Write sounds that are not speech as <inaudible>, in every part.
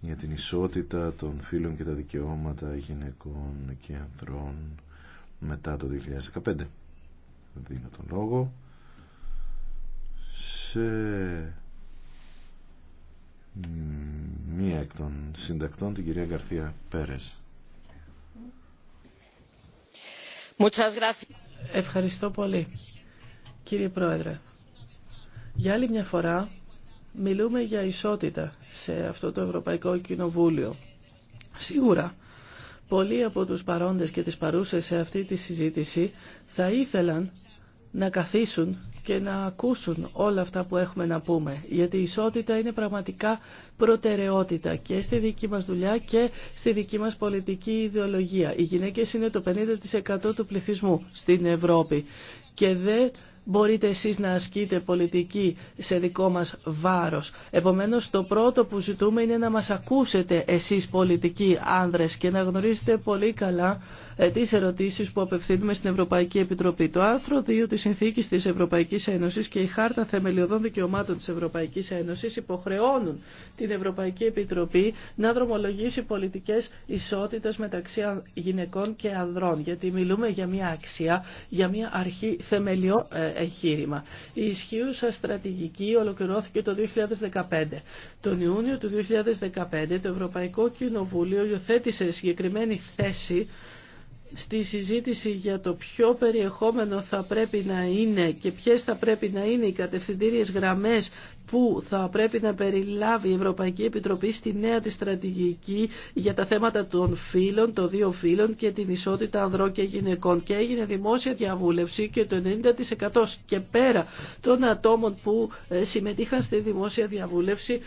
για την ισότητα των φίλων και τα δικαιώματα γυναικών και ανδρών μετά το 2015. Δίνω τον λόγο σε μία εκ των συντακτών, την κυρία Γκαρθία Πέρες. Ευχαριστώ πολύ, κύριε Πρόεδρε. Για άλλη μια φορά, Μιλούμε για ισότητα σε αυτό το Ευρωπαϊκό Κοινοβούλιο. Σίγουρα, πολλοί από τους παρόντες και τις παρούσες σε αυτή τη συζήτηση θα ήθελαν να καθίσουν και να ακούσουν όλα αυτά που έχουμε να πούμε. Γιατί η ισότητα είναι πραγματικά προτεραιότητα και στη δική μας δουλειά και στη δική μας πολιτική ιδεολογία. Οι γυναίκες είναι το 50% του πληθυσμού στην Ευρώπη και δεν μπορείτε εσείς να ασκείτε πολιτική σε δικό μας βάρος. Επομένως το πρώτο που ζητούμε είναι να μας ακούσετε εσείς πολιτικοί άνδρες και να γνωρίζετε πολύ καλά ε, τις ερωτήσεις που απευθύνουμε στην Ευρωπαϊκή Επιτροπή. Το άρθρο 2 της Συνθήκης της Ευρωπαϊκής Ένωσης και η Χάρτα Θεμελιωδών Δικαιωμάτων της Ευρωπαϊκής Ένωσης υποχρεώνουν την Ευρωπαϊκή Επιτροπή να δρομολογήσει πολιτικές ισότητες μεταξύ γυναικών και ανδρών. Γιατί μιλούμε για μια αξία, για μια αρχή θεμελιώ, ε, εγχείρημα. Η ισχύουσα στρατηγική ολοκληρώθηκε το 2015. Τον Ιούνιο του 2015 το Ευρωπαϊκό Κοινοβούλιο υιοθέτησε συγκεκριμένη θέση στη συζήτηση για το ποιο περιεχόμενο θα πρέπει να είναι και ποιες θα πρέπει να είναι οι κατευθυντήριες γραμμές που θα πρέπει να περιλάβει η Ευρωπαϊκή Επιτροπή στη νέα τη στρατηγική για τα θέματα των φύλων, των δύο φύλων και την ισότητα ανδρών και γυναικών. Και έγινε δημόσια διαβούλευση και το 90% και πέρα των ατόμων που ε, συμμετείχαν στη δημόσια διαβούλευση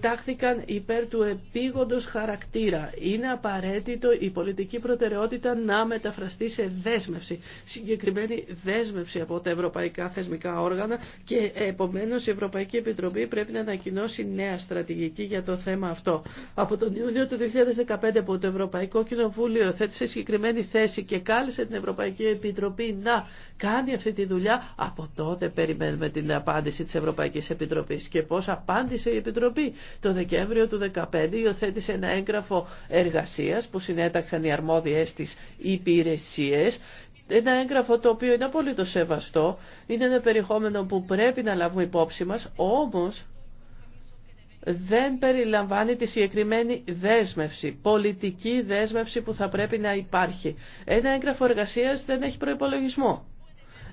τάχθηκαν υπέρ του επίγοντος χαρακτήρα. Είναι απαραίτητο η πολιτική προτεραιότητα να μεταφραστεί σε δέσμευση, συγκεκριμένη δέσμευση από τα ευρωπαϊκά θεσμικά όργανα και επομένως η Ευρωπαϊκή Επιτροπή Επιτροπή πρέπει να ανακοινώσει νέα στρατηγική για το θέμα αυτό. Από τον Ιούνιο του 2015 που το Ευρωπαϊκό Κοινοβούλιο θέτησε συγκεκριμένη θέση και κάλεσε την Ευρωπαϊκή Επιτροπή να κάνει αυτή τη δουλειά, από τότε περιμένουμε την απάντηση της Ευρωπαϊκής Επιτροπής. Και πώς απάντησε η Επιτροπή. Το Δεκέμβριο του 2015 υιοθέτησε ένα έγγραφο εργασίας που συνέταξαν οι αρμόδιες της υπηρεσίες ένα έγγραφο το οποίο είναι απολύτως σεβαστό, είναι ένα περιεχόμενο που πρέπει να λάβουμε υπόψη μας, όμως δεν περιλαμβάνει τη συγκεκριμένη δέσμευση, πολιτική δέσμευση που θα πρέπει να υπάρχει. Ένα έγγραφο εργασίας δεν έχει προϋπολογισμό.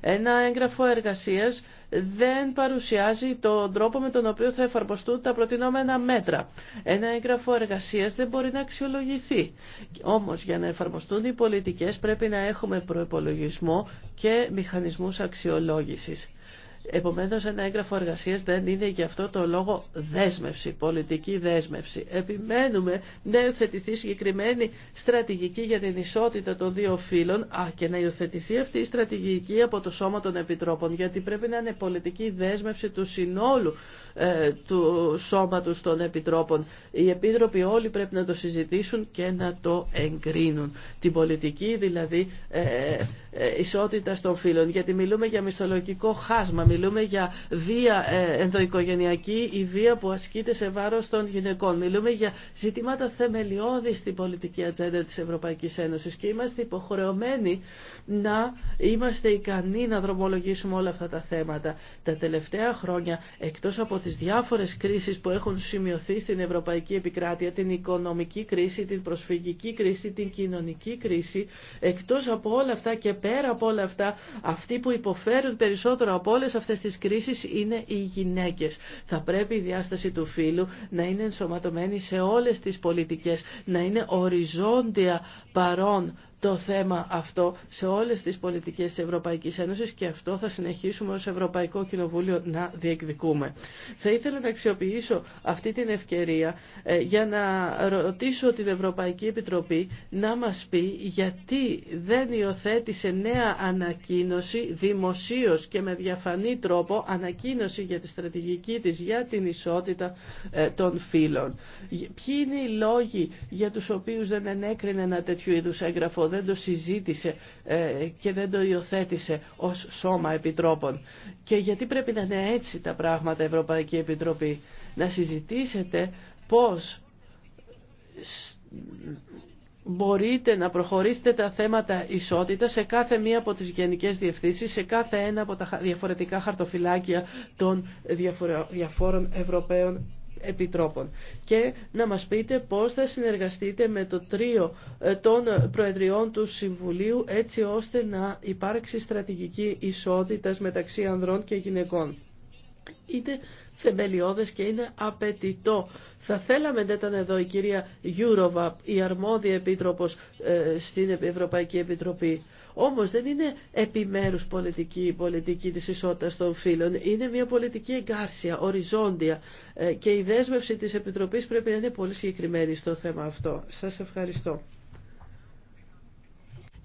Ένα έγγραφο εργασίας δεν παρουσιάζει τον τρόπο με τον οποίο θα εφαρμοστούν τα προτινόμενα μέτρα. Ένα έγγραφο εργασίας δεν μπορεί να αξιολογηθεί. Όμως για να εφαρμοστούν οι πολιτικές πρέπει να έχουμε προεπολογισμό και μηχανισμούς αξιολόγησης. Επομένως ένα έγγραφο εργασίας δεν είναι γι' αυτό το λόγο δέσμευση, πολιτική δέσμευση. Επιμένουμε να υιοθετηθεί συγκεκριμένη στρατηγική για την ισότητα των δύο φύλων α, και να υιοθετηθεί αυτή η στρατηγική από το Σώμα των Επιτρόπων γιατί πρέπει να είναι πολιτική δέσμευση του συνόλου ε, του Σώματος των Επιτρόπων. Οι Επίτροποι όλοι πρέπει να το συζητήσουν και να το εγκρίνουν. Την πολιτική δηλαδή ε, ε, ισότητα των φύλων γιατί μιλούμε για μισθολογικό χάσμα, Μιλούμε για βία ε, ενδοοικογενειακή ή βία που ασκείται σε βάρος των γυναικών. Μιλούμε για ζητήματα θεμελιώδη στην πολιτική ατζέντα της Ευρωπαϊκής Ένωσης και είμαστε υποχρεωμένοι να είμαστε ικανοί να δρομολογήσουμε όλα αυτά τα θέματα. Τα τελευταία χρόνια, εκτός από τις διάφορες κρίσεις που έχουν σημειωθεί στην Ευρωπαϊκή Επικράτεια, την οικονομική κρίση, την προσφυγική κρίση, την κοινωνική κρίση, εκτός από όλα αυτά και πέρα από όλα αυτά, αυτοί που υποφέρουν περισσότερο από όλες αυτές τις κρίσεις είναι οι γυναίκες. Θα πρέπει η διάσταση του φύλου να είναι ενσωματωμένη σε όλες τις πολιτικές, να είναι οριζόντια παρόν το θέμα αυτό σε όλες τις πολιτικές της Ευρωπαϊκής Ένωσης και αυτό θα συνεχίσουμε ως Ευρωπαϊκό Κοινοβούλιο να διεκδικούμε. Θα ήθελα να αξιοποιήσω αυτή την ευκαιρία ε, για να ρωτήσω την Ευρωπαϊκή Επιτροπή να μας πει γιατί δεν υιοθέτησε νέα ανακοίνωση δημοσίως και με διαφανή τρόπο ανακοίνωση για τη στρατηγική της για την ισότητα ε, των φύλων. Ποιοι είναι οι λόγοι για τους οποίους δεν ενέκρινε ένα τέτοιο είδου έγγραφο δεν το συζήτησε ε, και δεν το υιοθέτησε ως σώμα επιτρόπων. Και γιατί πρέπει να είναι έτσι τα πράγματα Ευρωπαϊκή Επιτροπή. Να συζητήσετε πώς μπορείτε να προχωρήσετε τα θέματα ισότητα σε κάθε μία από τις γενικές διευθύνσεις, σε κάθε ένα από τα διαφορετικά χαρτοφυλάκια των διαφορών Ευρωπαίων επιτρόπων και να μας πείτε πώς θα συνεργαστείτε με το τρίο ε, των Προεδριών του Συμβουλίου έτσι ώστε να υπάρξει στρατηγική ισότητας μεταξύ ανδρών και γυναικών. Είτε θεμελιώδες και είναι απαιτητό. Θα θέλαμε να ήταν εδώ η κυρία Γιούροβα, η αρμόδια επίτροπος ε, στην Ευρωπαϊκή Επιτροπή. Όμως δεν είναι επιμέρους πολιτική η πολιτική της ισότητας των φύλων. Είναι μια πολιτική εγκάρσια, οριζόντια ε, και η δέσμευση της Επιτροπής πρέπει να είναι πολύ συγκεκριμένη στο θέμα αυτό. Σας ευχαριστώ.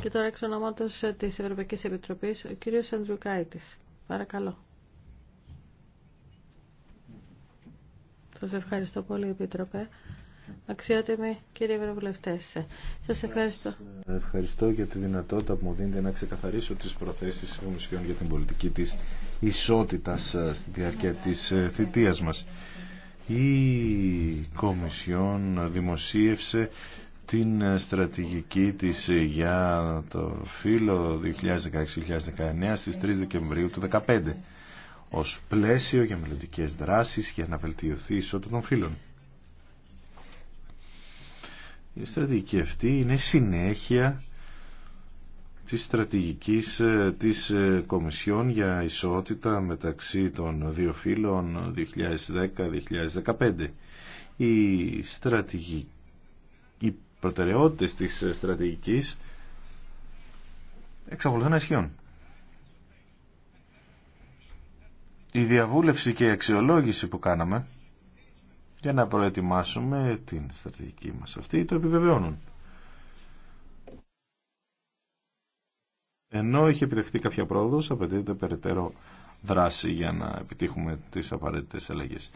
Και τώρα εξ ονόματος ε, της Ευρωπαϊκής Επιτροπής, ο κύριος Ανδρουκάητης. Παρακαλώ. Σας ευχαριστώ πολύ, Επίτροπε αξιότιμοι κύριοι Ευρωβουλευτέ. Σας ευχαριστώ. Ευχαριστώ για τη δυνατότητα που μου δίνετε να ξεκαθαρίσω τις προθέσεις τη Κομισιόν για την πολιτική της ισότητας ε, στη διάρκεια της ε, θητείας μας. Η Κομισιόν δημοσίευσε την ε, στρατηγική της για το φύλλο 2016-2019 στι 3 Δεκεμβρίου του 2015 ως πλαίσιο για μελλοντικές δράσει για να βελτιωθεί η ισότητα των φύλων. Η στρατηγική αυτή είναι συνέχεια της στρατηγικής ε, της ε, Κομισιόν για ισότητα μεταξύ των δύο φύλων 2010-2015. Η στρατηγική, οι προτεραιότητε της στρατηγικής εξακολουθούν να ισχύουν. Η διαβούλευση και η αξιολόγηση που κάναμε για να προετοιμάσουμε την στρατηγική μας αυτή, το επιβεβαιώνουν. Ενώ έχει επιτευχθεί κάποια πρόοδος, απαιτείται περαιτέρω δράση για να επιτύχουμε τις απαραίτητες αλλαγές.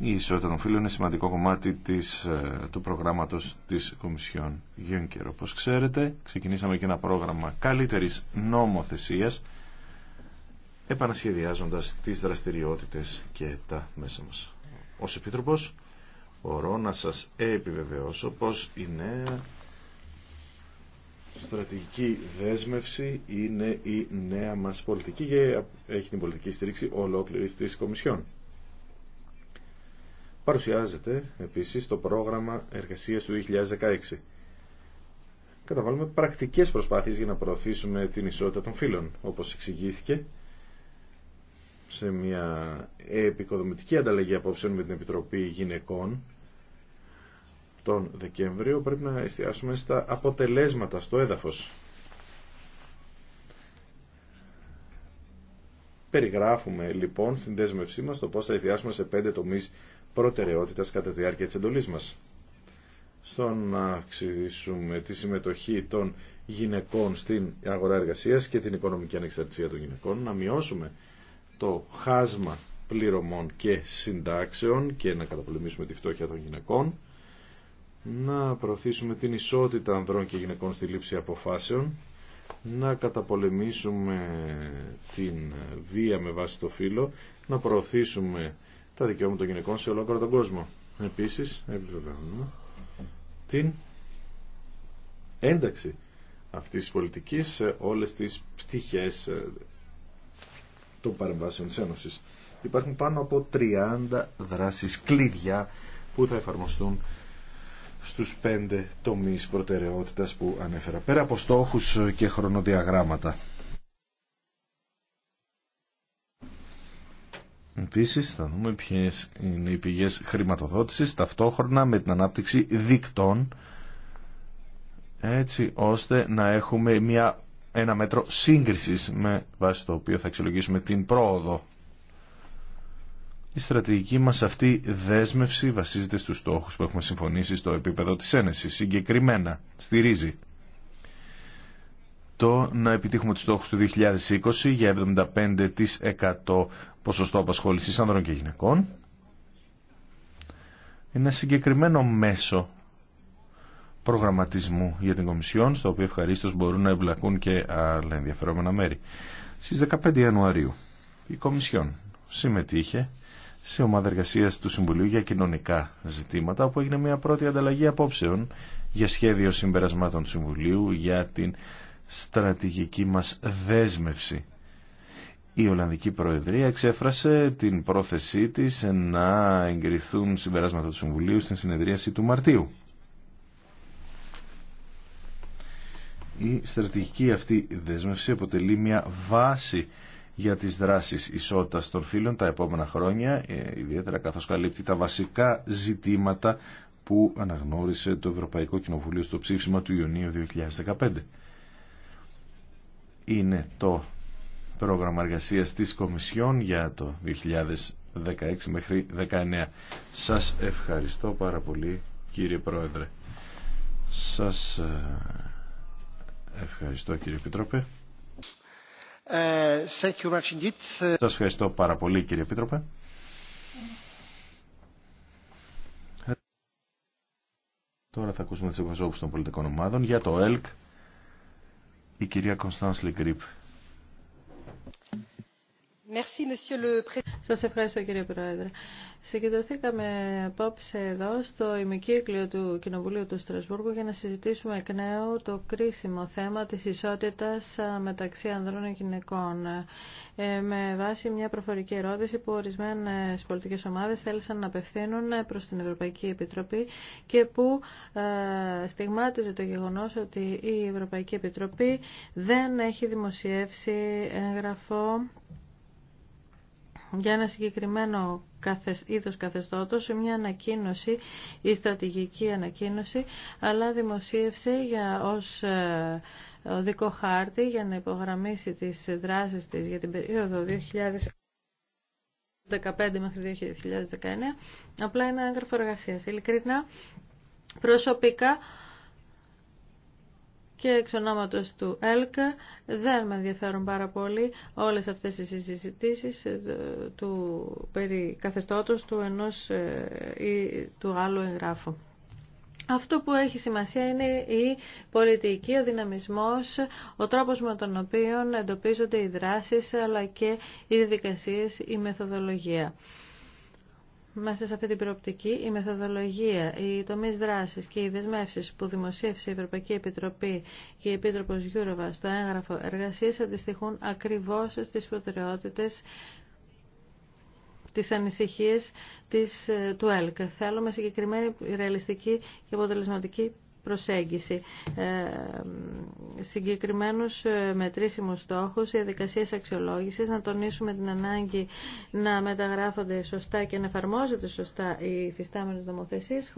Η ισότητα των φίλων είναι σημαντικό κομμάτι της, ε, του προγράμματος της Κομισιόν Γιούνκερ. Όπως ξέρετε, ξεκινήσαμε και ένα πρόγραμμα καλύτερης νομοθεσίας, επανασχεδιάζοντας τις δραστηριότητες και τα μέσα μας. Ως Επίτροπος μπορώ να σας επιβεβαιώσω πως η νέα στρατηγική δέσμευση είναι η νέα μας πολιτική και έχει την πολιτική στήριξη ολόκληρης της Κομισιόν. Παρουσιάζεται επίσης το πρόγραμμα εργασίας του 2016. Καταβάλουμε πρακτικές προσπάθειες για να προωθήσουμε την ισότητα των φύλων, όπως εξηγήθηκε σε μια επικοδομητική ανταλλαγή απόψεων με την Επιτροπή Γυναικών τον Δεκέμβριο πρέπει να εστιάσουμε στα αποτελέσματα στο έδαφος. Περιγράφουμε λοιπόν στην δέσμευσή μας το πώς θα εστιάσουμε σε πέντε τομείς προτεραιότητας κατά τη διάρκεια της εντολής μας. Στο να αυξήσουμε τη συμμετοχή των γυναικών στην αγορά εργασίας και την οικονομική ανεξαρτησία των γυναικών, να μειώσουμε το χάσμα πληρωμών και συντάξεων και να καταπολεμήσουμε τη φτώχεια των γυναικών, να προωθήσουμε την ισότητα ανδρών και γυναικών στη λήψη αποφάσεων, να καταπολεμήσουμε την βία με βάση το φύλλο, να προωθήσουμε τα δικαιώματα των γυναικών σε ολόκληρο τον κόσμο. Επίσης, επιβεβαιώνουμε την ένταξη αυτής της πολιτικής σε όλες τις πτυχές των παρεμβάσεων της Υπάρχουν πάνω από 30 δράσεις κλειδιά που θα εφαρμοστούν στους πέντε τομείς προτεραιότητας που ανέφερα. Πέρα από στόχους και χρονοδιαγράμματα. Επίσης θα δούμε ποιες είναι οι πηγές χρηματοδότησης ταυτόχρονα με την ανάπτυξη δικτών έτσι ώστε να έχουμε μια ένα μέτρο σύγκρισης με βάση το οποίο θα αξιολογήσουμε την πρόοδο. Η στρατηγική μας αυτή δέσμευση βασίζεται στους στόχους που έχουμε συμφωνήσει στο επίπεδο της Ένεσης. Συγκεκριμένα στηρίζει το να επιτύχουμε τους στόχους του 2020 για 75% ποσοστό απασχόλησης άνδρων και γυναικών. Ένα συγκεκριμένο μέσο προγραμματισμού για την Κομισιόν, στο οποίο ευχαρίστω μπορούν να εμπλακούν και άλλα ενδιαφερόμενα μέρη. Στις 15 Ιανουαρίου η Κομισιόν συμμετείχε σε ομάδα εργασία του Συμβουλίου για κοινωνικά ζητήματα, όπου έγινε μια πρώτη ανταλλαγή απόψεων για σχέδιο συμπερασμάτων του Συμβουλίου για την στρατηγική μα δέσμευση. Η Ολλανδική Προεδρία εξέφρασε την πρόθεσή της να εγκριθούν συμπεράσματα του Συμβουλίου στην συνεδρίαση του Μαρτίου. Η στρατηγική αυτή δέσμευση αποτελεί μια βάση για τις δράσεις ισότητας των φύλων τα επόμενα χρόνια, ε, ιδιαίτερα καθώς καλύπτει τα βασικά ζητήματα που αναγνώρισε το Ευρωπαϊκό Κοινοβουλίο στο ψήφισμα του Ιουνίου 2015. Είναι το πρόγραμμα εργασίας της Κομισιόν για το 2016 μέχρι 2019. Σας ευχαριστώ πάρα πολύ κύριε Πρόεδρε. Σας ε, Ευχαριστώ κύριε Επίτροπε. Σα ε, Σας ευχαριστώ πάρα πολύ κύριε Επίτροπε. Τώρα θα ακούσουμε τις εκπροσώπους των πολιτικών ομάδων για το ΕΛΚ η κυρία Κωνσταντς Λεγκρίπ. Σας ευχαριστώ κύριε Πρόεδρε. Συγκεντρωθήκαμε απόψε εδώ στο ημικύκλιο του Κοινοβουλίου του Στρασβούργου για να συζητήσουμε εκ νέου το κρίσιμο θέμα της ισότητας μεταξύ ανδρών και γυναικών ε, με βάση μια προφορική ερώτηση που ορισμένες πολιτικές ομάδες θέλησαν να απευθύνουν προς την Ευρωπαϊκή Επιτροπή και που στιγμάτιζε το γεγονός ότι η Ευρωπαϊκή Επιτροπή δεν έχει δημοσιεύσει έγγραφο για ένα συγκεκριμένο είδος καθεστώτος, μια ανακοίνωση ή στρατηγική ανακοίνωση, αλλά δημοσίευσε για, ως ε, οδικό χάρτη για να υπογραμμίσει τις δράσεις της για την περίοδο 2015 μέχρι 2019, απλά ένα έγγραφο εργασία. Ειλικρινά, προσωπικά, και εξ του ΕΛΚΑ δεν με ενδιαφέρουν πάρα πολύ όλες αυτές οι συζητήσεις ε, του περί καθεστώτος του ενός ε, ή του άλλου εγγράφου. Αυτό που έχει σημασία είναι η πολιτική, ο δυναμισμός, ο τρόπος με τον οποίο εντοπίζονται οι δράσεις αλλά και οι διαδικασίες, η μεθοδολογία. Μέσα σε αυτή την προοπτική, η μεθοδολογία, οι τομεί δράση και οι δεσμεύσει που δημοσίευσε η Ευρωπαϊκή Επιτροπή και η Επίτροπο Γιούροβα στο έγγραφο εργασία αντιστοιχούν ακριβώ στι προτεραιότητε τις ανησυχίες ε, του ΕΛΚ. Θέλουμε συγκεκριμένη ρεαλιστική και αποτελεσματική προσέγγιση. Ε, συγκεκριμένους ε, μετρήσιμους στόχους, διαδικασίες αξιολόγησης, να τονίσουμε την ανάγκη να μεταγράφονται σωστά και να εφαρμόζονται σωστά οι φυστάμενε νομοθεσίες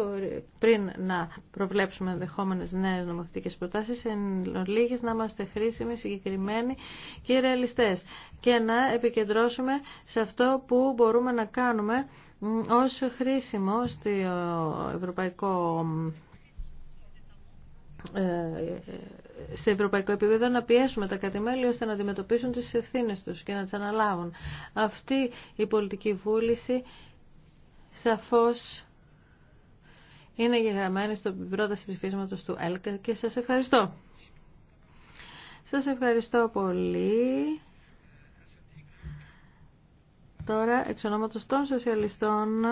πριν να προβλέψουμε ενδεχόμενε νέες νομοθετικές προτάσεις, εν ολίγης να είμαστε χρήσιμοι, συγκεκριμένοι και ρεαλιστές και να επικεντρώσουμε σε αυτό που μπορούμε να κάνουμε ως χρήσιμο στο ευρωπαϊκό ε, σε ευρωπαϊκό επίπεδο να πιέσουμε τα κατημέλη ώστε να αντιμετωπίσουν τις ευθύνες τους και να τις αναλάβουν. Αυτή η πολιτική βούληση σαφώς είναι γεγραμμένη στο πρόταση ψηφίσματος του ΕΛΚΑ και σας ευχαριστώ. Σας ευχαριστώ πολύ. Τώρα, εξ ονόματος των σοσιαλιστών,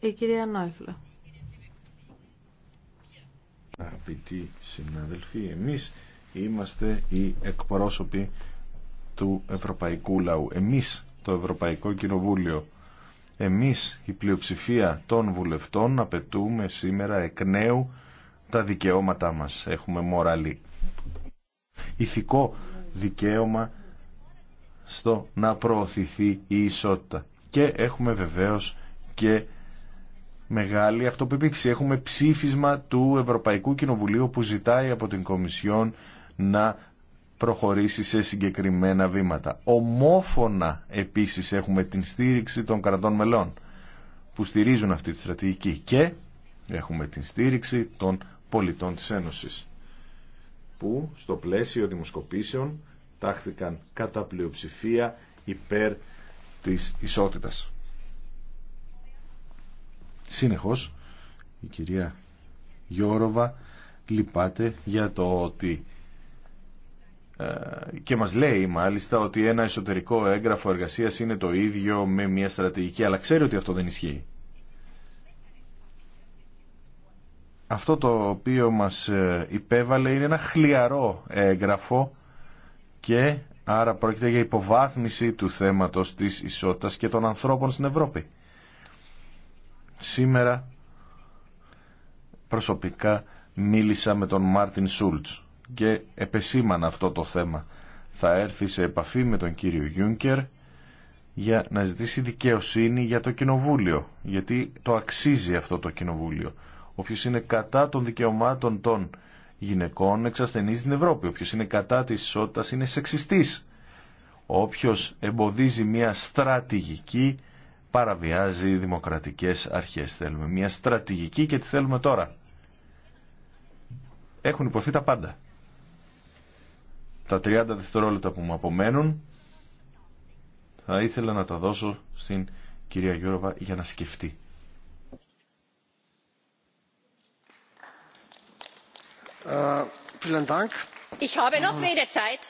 η κυρία Νόχλα. Αγαπητοί συναδελφοί, εμείς είμαστε οι εκπρόσωποι του ευρωπαϊκού λαού. Εμείς το Ευρωπαϊκό Κοινοβούλιο. Εμείς η πλειοψηφία των βουλευτών απαιτούμε σήμερα εκ νέου τα δικαιώματά μας. Έχουμε μοραλή. Ηθικό δικαίωμα στο να προωθηθεί η ισότητα. Και έχουμε βεβαίως και μεγάλη αυτοπεποίθηση. Έχουμε ψήφισμα του Ευρωπαϊκού Κοινοβουλίου που ζητάει από την Κομισιόν να προχωρήσει σε συγκεκριμένα βήματα. Ομόφωνα επίσης έχουμε την στήριξη των κρατών μελών που στηρίζουν αυτή τη στρατηγική και έχουμε την στήριξη των πολιτών της Ένωσης που στο πλαίσιο δημοσκοπήσεων τάχθηκαν κατά πλειοψηφία υπέρ της ισότητας. Συνεχώς, η κυρία Γιώροβα λυπάται για το ότι ε, και μας λέει μάλιστα ότι ένα εσωτερικό έγγραφο εργασίας είναι το ίδιο με μια στρατηγική, αλλά ξέρει ότι αυτό δεν ισχύει. Αυτό το οποίο μας ε, υπέβαλε είναι ένα χλιαρό έγγραφο και άρα πρόκειται για υποβάθμιση του θέματος της ισότητας και των ανθρώπων στην Ευρώπη. Σήμερα προσωπικά μίλησα με τον Μάρτιν Σούλτς και επεσήμανα αυτό το θέμα. Θα έρθει σε επαφή με τον κύριο Γιούνκερ για να ζητήσει δικαιοσύνη για το κοινοβούλιο, γιατί το αξίζει αυτό το κοινοβούλιο. Όποιος είναι κατά των δικαιωμάτων των γυναικών εξασθενεί την Ευρώπη. Όποιος είναι κατά της ισότητας είναι σεξιστής. Όποιος εμποδίζει μια στρατηγική παραβιάζει δημοκρατικές αρχές. Θέλουμε μια στρατηγική και τη θέλουμε τώρα. Έχουν υποθεί τα πάντα. Τα 30 δευτερόλεπτα που μου απομένουν θα ήθελα να τα δώσω στην κυρία Γιώργα για να σκεφτεί. Ε,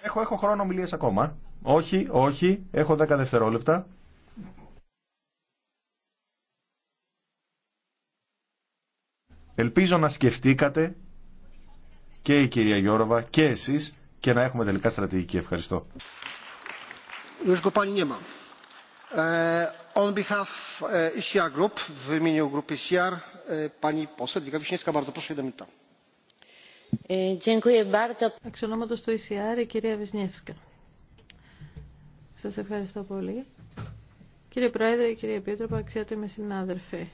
έχω, έχω χρόνο ομιλίες ακόμα. Όχι, όχι, έχω 10 δευτερόλεπτα. Ελπίζω να σκεφτήκατε και η κυρία Γιώροβα και εσείς και να έχουμε τελικά στρατηγική. Ευχαριστώ. Ε, on behalf ε, ECR e, e, Εξ ονόματος του ECR, η κυρία Βυσνιεύσκα. Σας ευχαριστώ πολύ. Κύριε Πρόεδρε, κύριε Επίτροπα, αξιότιμοι συνάδελφοι.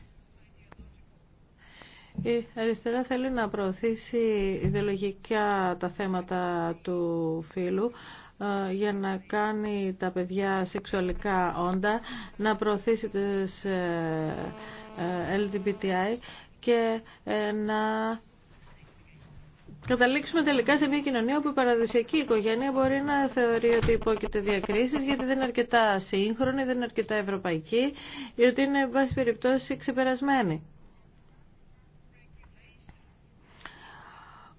Η αριστερά θέλει να προωθήσει ιδεολογικά τα θέματα του φίλου ε, για να κάνει τα παιδιά σεξουαλικά όντα, να προωθήσει τις ε, ε, LGBTI και να Καταλήξουμε τελικά σε μια κοινωνία όπου η παραδοσιακή οικογένεια μπορεί να θεωρεί ότι υπόκειται διακρίσει γιατί δεν είναι αρκετά σύγχρονη, δεν είναι αρκετά ευρωπαϊκή, γιατί είναι, βάση περιπτώσει, ξεπερασμένη.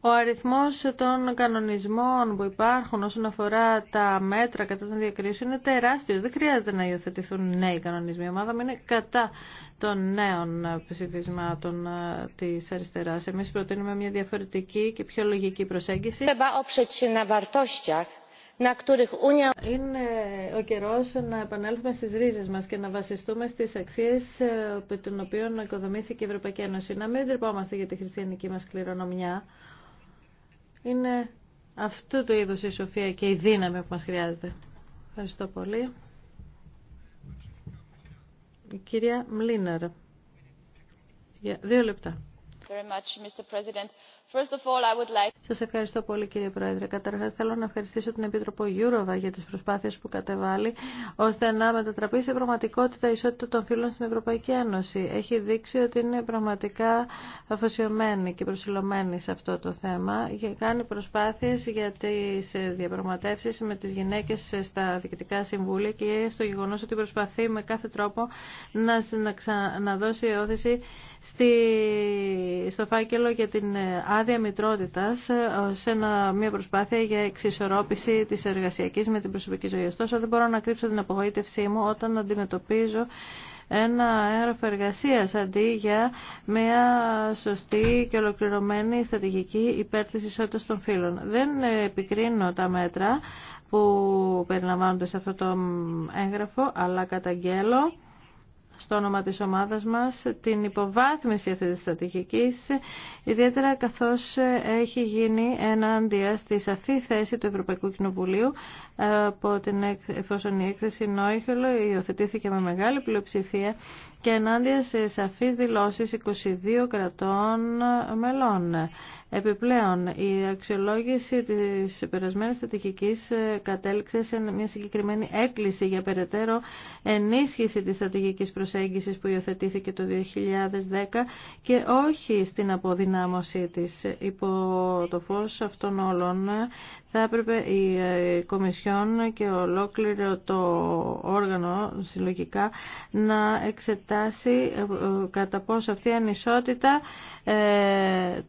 Ο αριθμός των κανονισμών που υπάρχουν όσον αφορά τα μέτρα κατά των διακρίσεων είναι τεράστιος. Δεν χρειάζεται να υιοθετηθούν νέοι κανονισμοί. Η ομάδα μου είναι κατά των νέων ψηφισμάτων ε, της αριστεράς. Εμείς προτείνουμε μια διαφορετική και πιο λογική προσέγγιση. Είναι ο καιρό να επανέλθουμε στι ρίζε μα και να βασιστούμε στι αξίε ε, των οποίων οικοδομήθηκε η Ευρωπαϊκή Ένωση. Να μην ντρεπόμαστε για τη χριστιανική μα κληρονομιά. Είναι αυτού του είδος η σοφία και η δύναμη που μας χρειάζεται. Ευχαριστώ πολύ. Η κυρία Μλίναρ. Για δύο λεπτά. Very much, Mr. President. Σα ευχαριστώ πολύ κύριε Πρόεδρε. Καταρχάς θέλω να ευχαριστήσω την Επίτροπο Γιούροβα για τι προσπάθειε που κατεβάλλει ώστε να μετατραπεί σε πραγματικότητα η ισότητα των φύλων στην Ευρωπαϊκή Ένωση. Έχει δείξει ότι είναι πραγματικά αφοσιωμένη και προσιλωμένη σε αυτό το θέμα και κάνει προσπάθειες για τι διαπραγματεύσει με τι γυναίκε στα διοικητικά συμβούλια και στο γεγονό ότι προσπαθεί με κάθε τρόπο να, να, δώσει όθηση στη... στο φάκελο για την άδεια μητρότητα ε, σε μια προσπάθεια για εξισορρόπηση της εργασιακής με την προσωπική ζωή. Ωστόσο δεν μπορώ να κρύψω την απογοήτευσή μου όταν αντιμετωπίζω ένα έγγραφο εργασία αντί για μια σωστή και ολοκληρωμένη στρατηγική υπέρ της ισότητας των φύλων. Δεν επικρίνω τα μέτρα που περιλαμβάνονται σε αυτό το έγγραφο, αλλά καταγγέλω στο όνομα της ομάδας μας την υποβάθμιση αυτής της στρατηγικής, ιδιαίτερα καθώς έχει γίνει ενάντια στη σαφή θέση του Ευρωπαϊκού Κοινοβουλίου ε, από την, εφόσον η έκθεση Νόιχελο υιοθετήθηκε με μεγάλη πλειοψηφία και ενάντια σε σαφείς δηλώσεις 22 κρατών μελών. Επιπλέον, η αξιολόγηση της περασμένης στρατηγικής ε, κατέληξε σε μια συγκεκριμένη έκκληση για περαιτέρω ενίσχυση της στρατηγικής προσέγγισης που υιοθετήθηκε το 2010 και όχι στην αποδυνάμωσή της. Υπό το φως αυτών όλων ε, θα έπρεπε η ε, Κομισιόν και ολόκληρο το όργανο συλλογικά να εξετάσουν ε, ε, κατά πόσο αυτή η ανισότητα ε,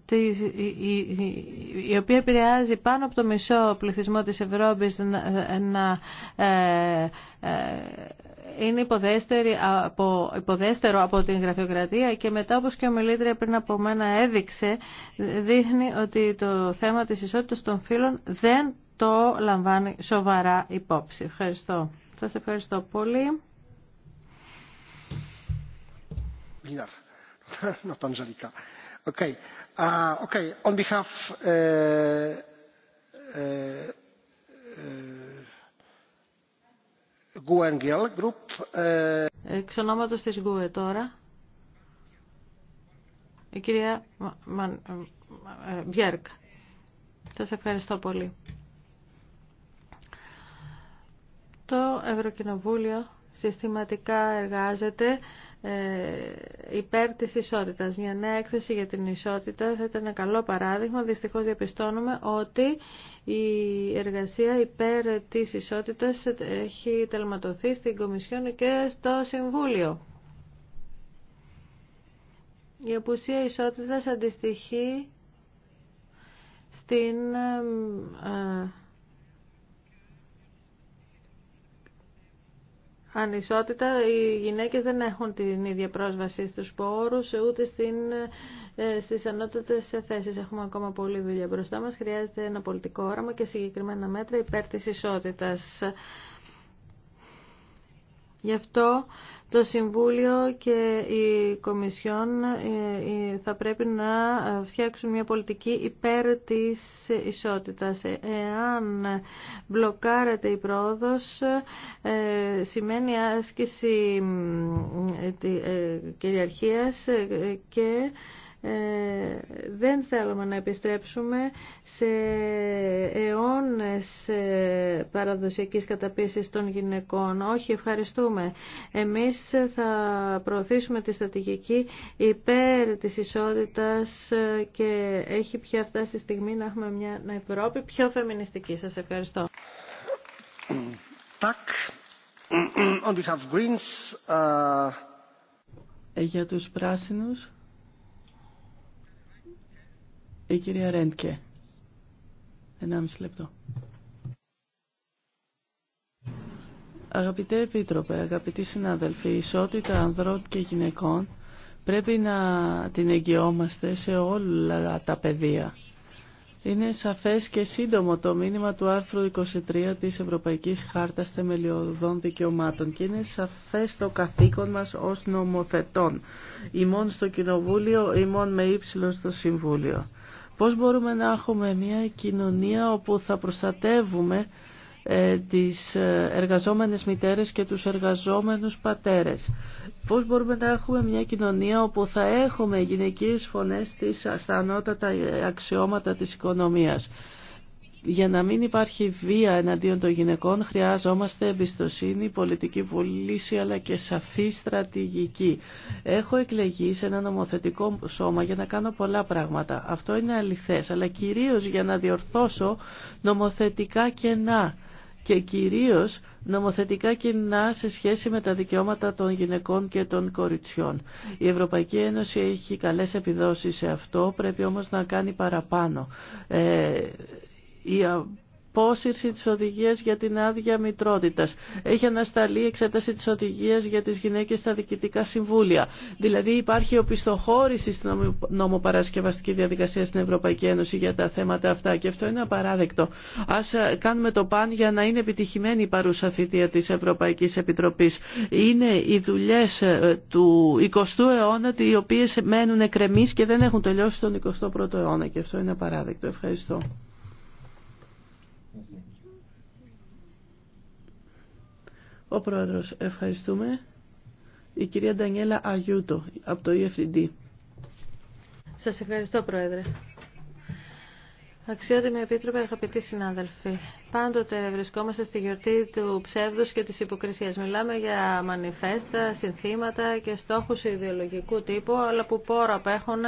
η οποία επηρεάζει πάνω από το μισό πληθυσμό της Ευρώπης να είναι από, υποδέστερο από την γραφειοκρατία και μετά όπως και ο Μιλήτρια πριν από μένα έδειξε δείχνει ότι το θέμα της ισότητας των φύλων δεν το λαμβάνει σοβαρά υπόψη. Ευχαριστώ. Σας ευχαριστώ πολύ. Mlinar, <laughs> not της Γκουε τώρα. Η κυρία ε, Μπιέρκ. Σα ευχαριστώ πολύ. Το Ευρωκοινοβούλιο συστηματικά εργάζεται ε, υπέρ της ισότητας. Μια νέα έκθεση για την ισότητα θα ήταν ένα καλό παράδειγμα. Δυστυχώς διαπιστώνουμε ότι η εργασία υπέρ της ισότητας έχει τελματωθεί στην Κομισιόν και στο Συμβούλιο. Η απουσία ισότητας αντιστοιχεί στην ε, ανισότητα. Οι γυναίκες δεν έχουν την ίδια πρόσβαση στους πόρους, ούτε στην, ε, στις ανώτατες θέσεις. Έχουμε ακόμα πολλή δουλειά μπροστά μας. Χρειάζεται ένα πολιτικό όραμα και συγκεκριμένα μέτρα υπέρ της ισότητας. Γι' αυτό το Συμβούλιο και η Κομισιόν ε, ε, θα πρέπει να φτιάξουν μια πολιτική υπέρ της ισότητας. Εάν μπλοκάρεται η πρόοδος, ε, σημαίνει άσκηση κυριαρχίας και ε, δεν θέλουμε να επιστρέψουμε σε αιώνες ε, παραδοσιακής καταπίεσης των γυναικών. Όχι, ευχαριστούμε. Εμείς θα προωθήσουμε τη στρατηγική υπέρ της ισότητας ε, και έχει πια φτάσει στη στιγμή να έχουμε μια Ευρώπη πιο φεμινιστική. Σας ευχαριστώ. On behalf of Για τους πράσινους. Η κυρία Ρέντκε. 1,5 λεπτό. Αγαπητέ Επίτροπε, αγαπητοί συνάδελφοι, η ισότητα ανδρών και γυναικών πρέπει να την εγγυόμαστε σε όλα τα πεδία. Είναι σαφές και σύντομο το μήνυμα του άρθρου 23 της Ευρωπαϊκής Χάρτας Θεμελιωδών Δικαιωμάτων και είναι σαφές το καθήκον μας ως νομοθετών, ημών στο Κοινοβούλιο, ημών με ύψιλο στο Συμβούλιο. Πώς μπορούμε να έχουμε μια κοινωνία όπου θα προστατεύουμε ε, τις ε, εργαζόμενες μητέρες και τους εργαζόμενους πατέρες. Πώς μπορούμε να έχουμε μια κοινωνία όπου θα έχουμε γυναικείες φωνές στις, στα ανώτατα ε, αξιώματα της οικονομίας. Για να μην υπάρχει βία εναντίον των γυναικών χρειάζομαστε εμπιστοσύνη, πολιτική βουλήση αλλά και σαφή στρατηγική. Έχω εκλεγεί σε ένα νομοθετικό σώμα για να κάνω πολλά πράγματα. Αυτό είναι αληθές, αλλά κυρίως για να διορθώσω νομοθετικά κενά και κυρίως νομοθετικά κοινά σε σχέση με τα δικαιώματα των γυναικών και των κοριτσιών. Η Ευρωπαϊκή Ένωση έχει καλές επιδόσεις σε αυτό, πρέπει όμως να κάνει παραπάνω. Ε, η απόσυρση της οδηγίας για την άδεια μητρότητας. Έχει ανασταλεί η εξέταση της οδηγίας για τις γυναίκες στα διοικητικά συμβούλια. Δηλαδή υπάρχει οπισθοχώρηση στην νομοπαρασκευαστική διαδικασία στην Ευρωπαϊκή Ένωση για τα θέματα αυτά και αυτό είναι απαράδεκτο. Ας ε, κάνουμε το παν για να είναι επιτυχημένη η παρούσα θητεία της Ευρωπαϊκής Επιτροπής. Είναι οι δουλειέ ε, του 20ου αιώνα οι οποίες μένουν κρεμείς και δεν έχουν τελειώσει τον 21ο αιώνα και αυτό είναι απαράδεκτο. Ευχαριστώ. Ο Πρόεδρος, ευχαριστούμε. Η κυρία Ντανιέλα Αγιούτο από το EFTD. Σας ευχαριστώ, Πρόεδρε. Αξιότιμη Επίτροπε, αγαπητοί συνάδελφοι. Πάντοτε βρισκόμαστε στη γιορτή του ψεύδους και της υποκρισίας. Μιλάμε για μανιφέστα, συνθήματα και στόχους ιδεολογικού τύπου, αλλά που πόρο απέχουν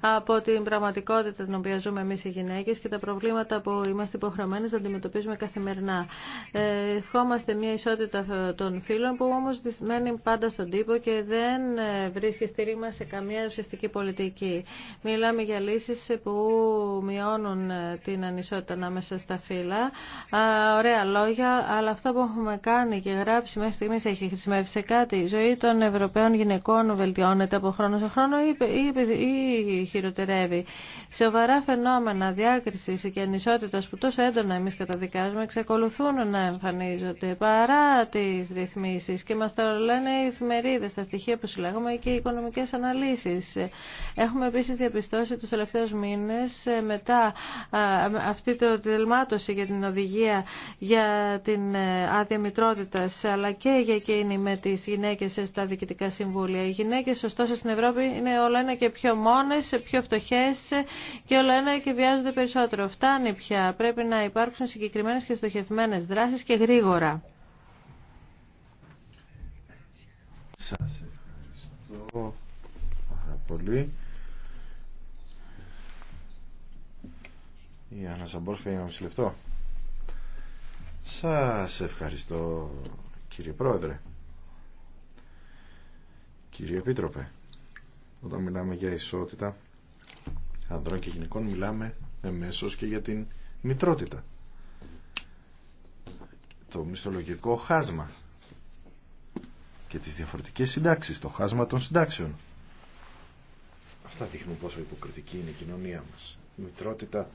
από την πραγματικότητα την οποία ζούμε εμείς οι γυναίκες και τα προβλήματα που είμαστε υποχρεωμένες να αντιμετωπίζουμε καθημερινά. Ε, ευχόμαστε μια ισότητα των φύλων που όμως μένει πάντα στον τύπο και δεν ε, βρίσκει στήριγμα σε καμία ουσιαστική πολιτική. Μιλάμε για λύσεις που μειώνουν ε, την ανισότητα ανάμεσα στα φύλλα, ωραία λόγια, αλλά αυτό που έχουμε κάνει και γράψει μέχρι στιγμή έχει χρησιμεύσει σε κάτι. Η ζωή των Ευρωπαίων γυναικών βελτιώνεται από χρόνο σε χρόνο ή η χειροτερεύει. Σοβαρά φαινόμενα διάκριση και ανισότητα που τόσο έντονα εμεί καταδικάζουμε εξακολουθούν να εμφανίζονται παρά τι ρυθμίσει και μα τα λένε οι εφημερίδε, τα στοιχεία που συλλέγουμε και οι οικονομικέ αναλύσει. Έχουμε επίση διαπιστώσει του τελευταίου μήνε ε, μετά αυτή το τελμάτωση για την οδηγία οδηγία για την ε, άδεια μητρότητα, αλλά και για εκείνη με τι γυναίκε στα διοικητικά συμβούλια. Οι γυναίκε, ωστόσο, στην Ευρώπη είναι όλο ένα και πιο μόνε, πιο φτωχέ και όλο ένα και βιάζονται περισσότερο. Φτάνει πια. Πρέπει να υπάρξουν συγκεκριμένε και στοχευμένε δράσει και γρήγορα. Σα ευχαριστώ πάρα πολύ. Η Ανασαμπόρσκα είναι ένα μισή σας ευχαριστώ κύριε Πρόεδρε. Κύριε Επίτροπε, όταν μιλάμε για ισότητα ανδρών και γυναικών μιλάμε εμέσως και για την μητρότητα. Το μισθολογικό χάσμα και τις διαφορετικές συντάξεις, το χάσμα των συντάξεων. Αυτά δείχνουν πόσο υποκριτική είναι η κοινωνία μας. μητρότητα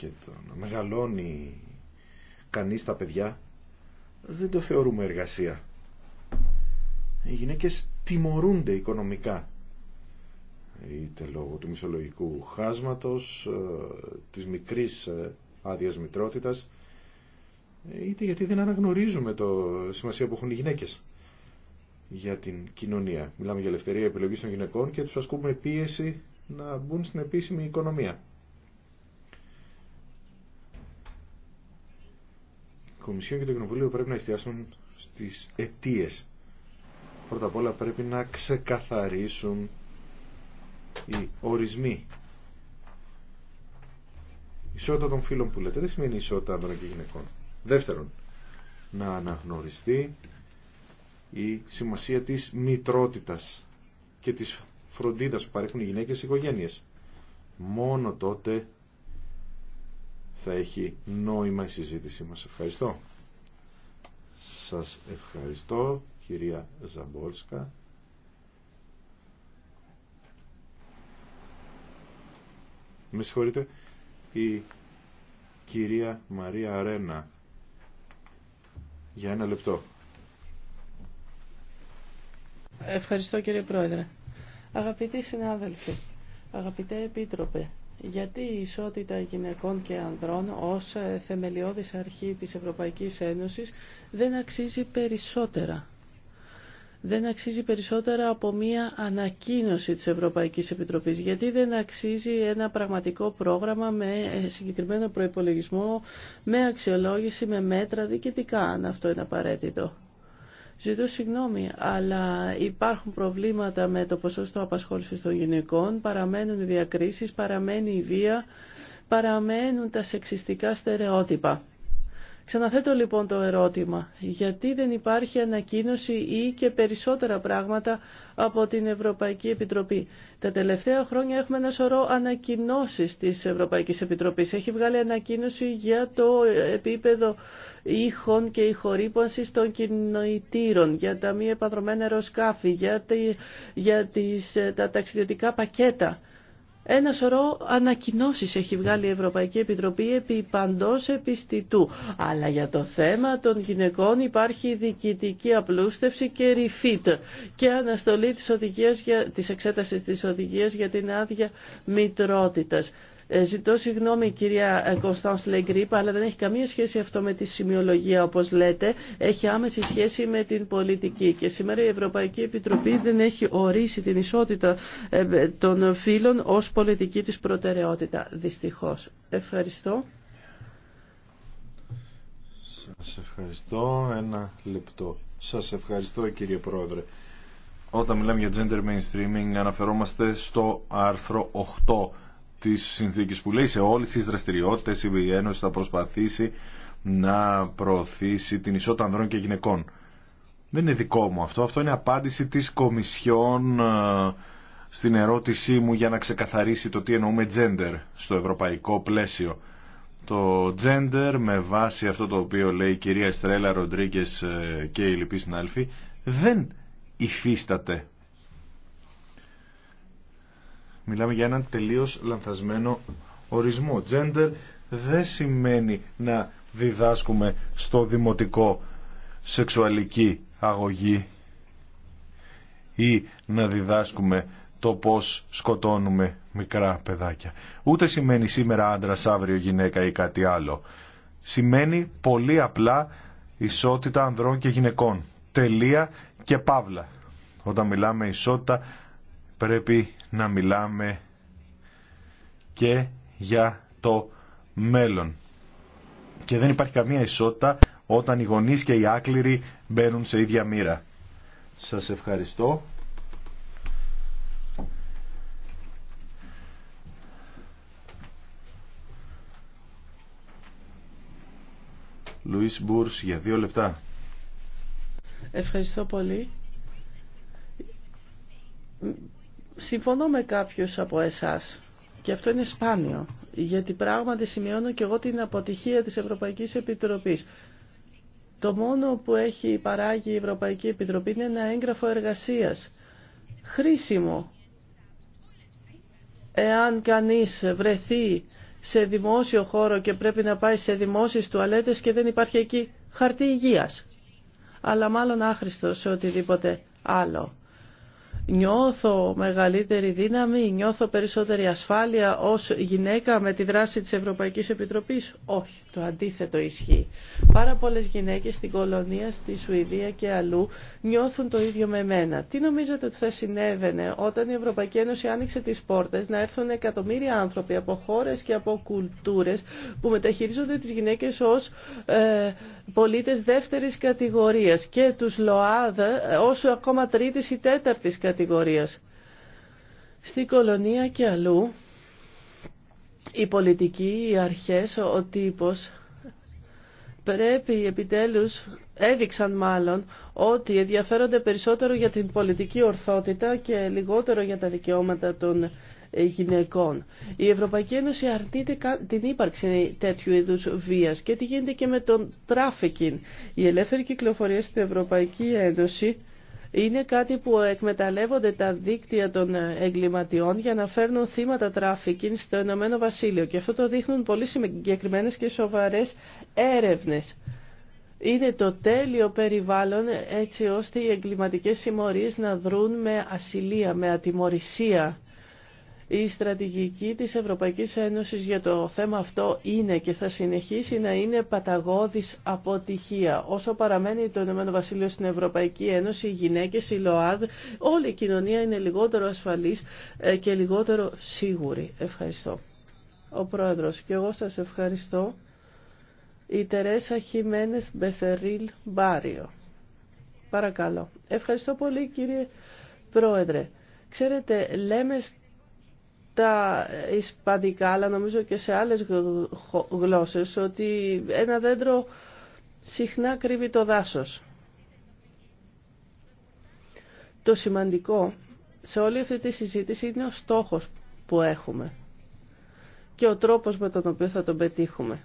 και το να μεγαλώνει κανείς τα παιδιά δεν το θεωρούμε εργασία. Οι γυναίκες τιμωρούνται οικονομικά είτε λόγω του μισολογικού χάσματος, ε, της μικρής ε, άδειας μητρότητας, είτε γιατί δεν αναγνωρίζουμε το σημασία που έχουν οι γυναίκες για την κοινωνία. Μιλάμε για ελευθερία επιλογής των γυναικών και τους ασκούμε πίεση να μπουν στην επίσημη οικονομία. Κομισιόν και το Κοινοβουλίο πρέπει να εστιάσουν στις αιτίες. Πρώτα απ' όλα πρέπει να ξεκαθαρίσουν οι ορισμοί. Ισότητα των φίλων που λέτε δεν σημαίνει ισότητα άνδρων και γυναικών. Δεύτερον, να αναγνωριστεί η σημασία της μητρότητας και της φροντίδας που παρέχουν οι γυναίκες στις οικογένειες. Μόνο τότε θα έχει νόημα η συζήτησή μας. Ευχαριστώ. Σας ευχαριστώ κυρία Ζαμπόλσκα. Με συγχωρείτε, η κυρία Μαρία Αρένα. Για ένα λεπτό. Ευχαριστώ κύριε Πρόεδρε. Αγαπητοί συνάδελφοι, αγαπητέ Επίτροπε, γιατί η ισότητα γυναικών και ανδρών ως ε, θεμελιώδης αρχή της Ευρωπαϊκής Ένωσης δεν αξίζει περισσότερα. Δεν αξίζει περισσότερα από μία ανακοίνωση της Ευρωπαϊκής Επιτροπής. Γιατί δεν αξίζει ένα πραγματικό πρόγραμμα με ε, συγκεκριμένο προϋπολογισμό, με αξιολόγηση, με μέτρα διοικητικά, αν αυτό είναι απαραίτητο. Ζητώ συγγνώμη, αλλά υπάρχουν προβλήματα με το ποσοστό απασχόλησης των γυναικών, παραμένουν οι διακρίσεις, παραμένει η βία, παραμένουν τα σεξιστικά στερεότυπα. Ξαναθέτω λοιπόν το ερώτημα, γιατί δεν υπάρχει ανακοίνωση ή και περισσότερα πράγματα από την Ευρωπαϊκή Επιτροπή. Τα τελευταία χρόνια έχουμε ένα σωρό ανακοινώσει της Ευρωπαϊκή Επιτροπή. Έχει βγάλει ανακοίνωση για το επίπεδο ήχων και ηχορύπανση των κινητήρων, για τα μη επαδρομένα αεροσκάφη, για, τα ταξιδιωτικά πακέτα ένα σωρό ανακοινώσεις έχει βγάλει η Ευρωπαϊκή Επιτροπή επί παντός επιστητού. Αλλά για το θέμα των γυναικών υπάρχει διοικητική απλούστευση και ριφίτ και αναστολή της, οδηγίας για, της εξέτασης της οδηγίας για την άδεια μητρότητας. Ε, ζητώ συγγνώμη κυρία Κωνσταντς ε, Λεγκρίπα, αλλά δεν έχει καμία σχέση αυτό με τη σημειολογία όπως λέτε. Έχει άμεση σχέση με την πολιτική και σήμερα η Ευρωπαϊκή Επιτροπή δεν έχει ορίσει την ισότητα ε, των φύλων ως πολιτική της προτεραιότητα, δυστυχώς. Ευχαριστώ. Σας ευχαριστώ. Ένα λεπτό. Σας ευχαριστώ κύριε Πρόεδρε. Όταν μιλάμε για gender mainstreaming αναφερόμαστε στο άρθρο 8 Τη συνθήκη που λέει σε όλε τι δραστηριότητες η Ένωση θα προσπαθήσει να προωθήσει την ισότητα ανδρών και γυναικών. Δεν είναι δικό μου αυτό. Αυτό είναι απάντηση της Κομισιόν ε, στην ερώτησή μου για να ξεκαθαρίσει το τι εννοούμε gender στο ευρωπαϊκό πλαίσιο. Το gender με βάση αυτό το οποίο λέει η κυρία Στρέλα Ροντρίγκε ε, και η λοιποί συνάλφοι δεν υφίσταται Μιλάμε για έναν τελείως λανθασμένο ορισμό. Gender δεν σημαίνει να διδάσκουμε στο δημοτικό σεξουαλική αγωγή ή να διδάσκουμε το πώς σκοτώνουμε μικρά παιδάκια. Ούτε σημαίνει σήμερα άντρας, αύριο γυναίκα ή κάτι άλλο. Σημαίνει πολύ απλά ισότητα ανδρών και γυναικών. Τελεία και παύλα. Όταν μιλάμε ισότητα πρέπει να μιλάμε και για το μέλλον. Και δεν υπάρχει καμία ισότητα όταν οι γονείς και οι άκληροι μπαίνουν σε ίδια μοίρα. Σας ευχαριστώ. Λουίς Μπούρς για δύο λεπτά. Ευχαριστώ πολύ Συμφωνώ με κάποιους από εσάς και αυτό είναι σπάνιο, γιατί πράγματι σημειώνω και εγώ την αποτυχία της Ευρωπαϊκής Επιτροπής. Το μόνο που έχει παράγει η Ευρωπαϊκή Επιτροπή είναι ένα έγγραφο εργασίας. Χρήσιμο. Εάν κανείς βρεθεί σε δημόσιο χώρο και πρέπει να πάει σε δημόσιες τουαλέτες και δεν υπάρχει εκεί χαρτί υγείας. Αλλά μάλλον άχρηστο σε οτιδήποτε άλλο. Νιώθω μεγαλύτερη δύναμη, νιώθω περισσότερη ασφάλεια ως γυναίκα με τη δράση της Ευρωπαϊκής Επιτροπής. Όχι, το αντίθετο ισχύει. Πάρα πολλές γυναίκες στην κολονία, στη Σουηδία και αλλού νιώθουν το ίδιο με μένα. Τι νομίζετε ότι θα συνέβαινε όταν η Ευρωπαϊκή Ένωση άνοιξε τις πόρτες να έρθουν εκατομμύρια άνθρωποι από χώρες και από κουλτούρες που μεταχειρίζονται τις γυναίκες ως ε, πολίτες δεύτερης κατηγορίας και τους ΛΟΑΔ ως ακόμα τρίτης ή τέταρτης κατηγορίας κατηγορίας. Στη κολονία και αλλού οι πολιτικοί, οι αρχές, ο τύπος πρέπει επιτέλους έδειξαν μάλλον ότι ενδιαφέρονται περισσότερο για την πολιτική ορθότητα και λιγότερο για τα δικαιώματα των ε, γυναικών. Η Ευρωπαϊκή Ένωση αρνείται την ύπαρξη τέτοιου είδους βίας και τι γίνεται και με τον τράφικιν. Η ελεύθερη κυκλοφορία στην Ευρωπαϊκή Ένωση είναι κάτι που εκμεταλλεύονται τα δίκτυα των εγκληματιών για να φέρνουν θύματα τράφικιν στο Ηνωμένο Βασίλειο. Και αυτό το δείχνουν πολύ συγκεκριμένες και σοβαρές έρευνες. Είναι το τέλειο περιβάλλον έτσι ώστε οι εγκληματικές συμμορίες να δρούν με ασυλία, με ατιμορρησία η στρατηγική της Ευρωπαϊκής Ένωσης για το θέμα αυτό είναι και θα συνεχίσει να είναι παταγώδης αποτυχία. Όσο παραμένει το Ηνωμένο Βασίλειο στην Ευρωπαϊκή Ένωση, οι γυναίκες, η ΛΟΑΔ, όλη η κοινωνία είναι λιγότερο ασφαλής ε, και λιγότερο σίγουρη. Ευχαριστώ. Ο Πρόεδρος, και εγώ σας ευχαριστώ. Η Τερέσα Χιμένεθ Μπεθερίλ Μπάριο. Παρακαλώ. Ευχαριστώ πολύ κύριε Πρόεδρε. Ξέρετε, λέμε τα ισπανικά αλλά νομίζω και σε άλλες γλώσσες ότι ένα δέντρο συχνά κρύβει το δάσος. Το σημαντικό σε όλη αυτή τη συζήτηση είναι ο στόχος που έχουμε και ο τρόπος με τον οποίο θα τον πετύχουμε.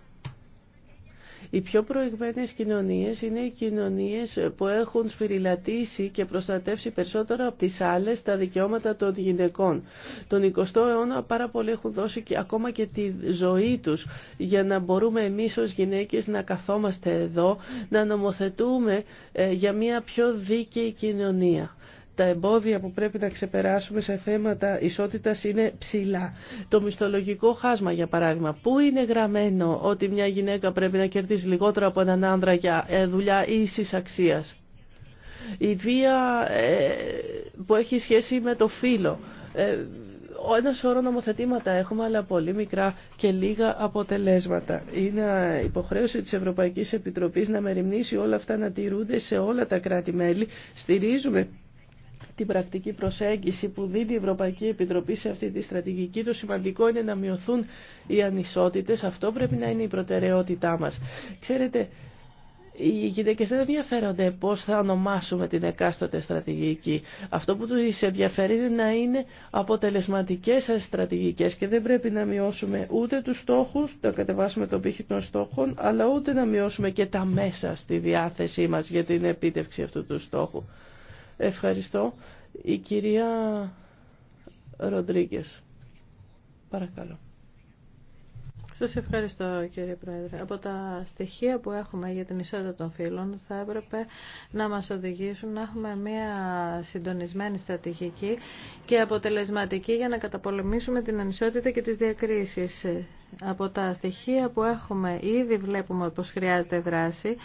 Οι πιο προηγμένες κοινωνίες είναι οι κοινωνίες που έχουν σφυριλατήσει και προστατεύσει περισσότερο από τις άλλες τα δικαιώματα των γυναικών. Τον 20ο αιώνα πάρα πολλοί έχουν δώσει και, ακόμα και τη ζωή τους για να μπορούμε εμείς ως γυναίκες να καθόμαστε εδώ, να νομοθετούμε ε, για μια πιο δίκαιη κοινωνία τα εμπόδια που πρέπει να ξεπεράσουμε σε θέματα ισότητας είναι ψηλά. Το μισθολογικό χάσμα, για παράδειγμα, που είναι γραμμένο ότι μια γυναίκα πρέπει να κερδισει λιγότερο από έναν άνδρα για ε, δουλειά ίσης αξίας. Η βία ε, που έχει σχέση με το φύλλο. Ε, ένα σώρο νομοθετήματα έχουμε, αλλά πολύ μικρά και λίγα αποτελέσματα. Είναι υποχρέωση της Ευρωπαϊκής Επιτροπής να μεριμνήσει όλα αυτά να τηρούνται σε όλα τα κράτη-μέλη. Στηρίζουμε την πρακτική προσέγγιση που δίνει η Ευρωπαϊκή Επιτροπή σε αυτή τη στρατηγική. Το σημαντικό είναι να μειωθούν οι ανισότητες. Αυτό πρέπει να είναι η προτεραιότητά μας. Ξέρετε, οι γυναίκες δεν ενδιαφέρονται πώς θα ονομάσουμε την εκάστοτε στρατηγική. Αυτό που τους ενδιαφέρει είναι να είναι αποτελεσματικές στρατηγικές και δεν πρέπει να μειώσουμε ούτε τους στόχους, να κατεβάσουμε τον πύχη των στόχων, αλλά ούτε να μειώσουμε και τα μέσα στη διάθεσή μας για την επίτευξη αυτού του στόχου. Ευχαριστώ. Η κυρία Ροντρίγκες. Παρακαλώ. Σας ευχαριστώ κύριε Πρόεδρε. Από τα στοιχεία που έχουμε για την ισότητα των φύλων θα έπρεπε να μας οδηγήσουν να έχουμε μια συντονισμένη στρατηγική και αποτελεσματική για να καταπολεμήσουμε την ανισότητα και τις διακρίσεις. Από τα στοιχεία που έχουμε ήδη βλέπουμε πως χρειάζεται δράση,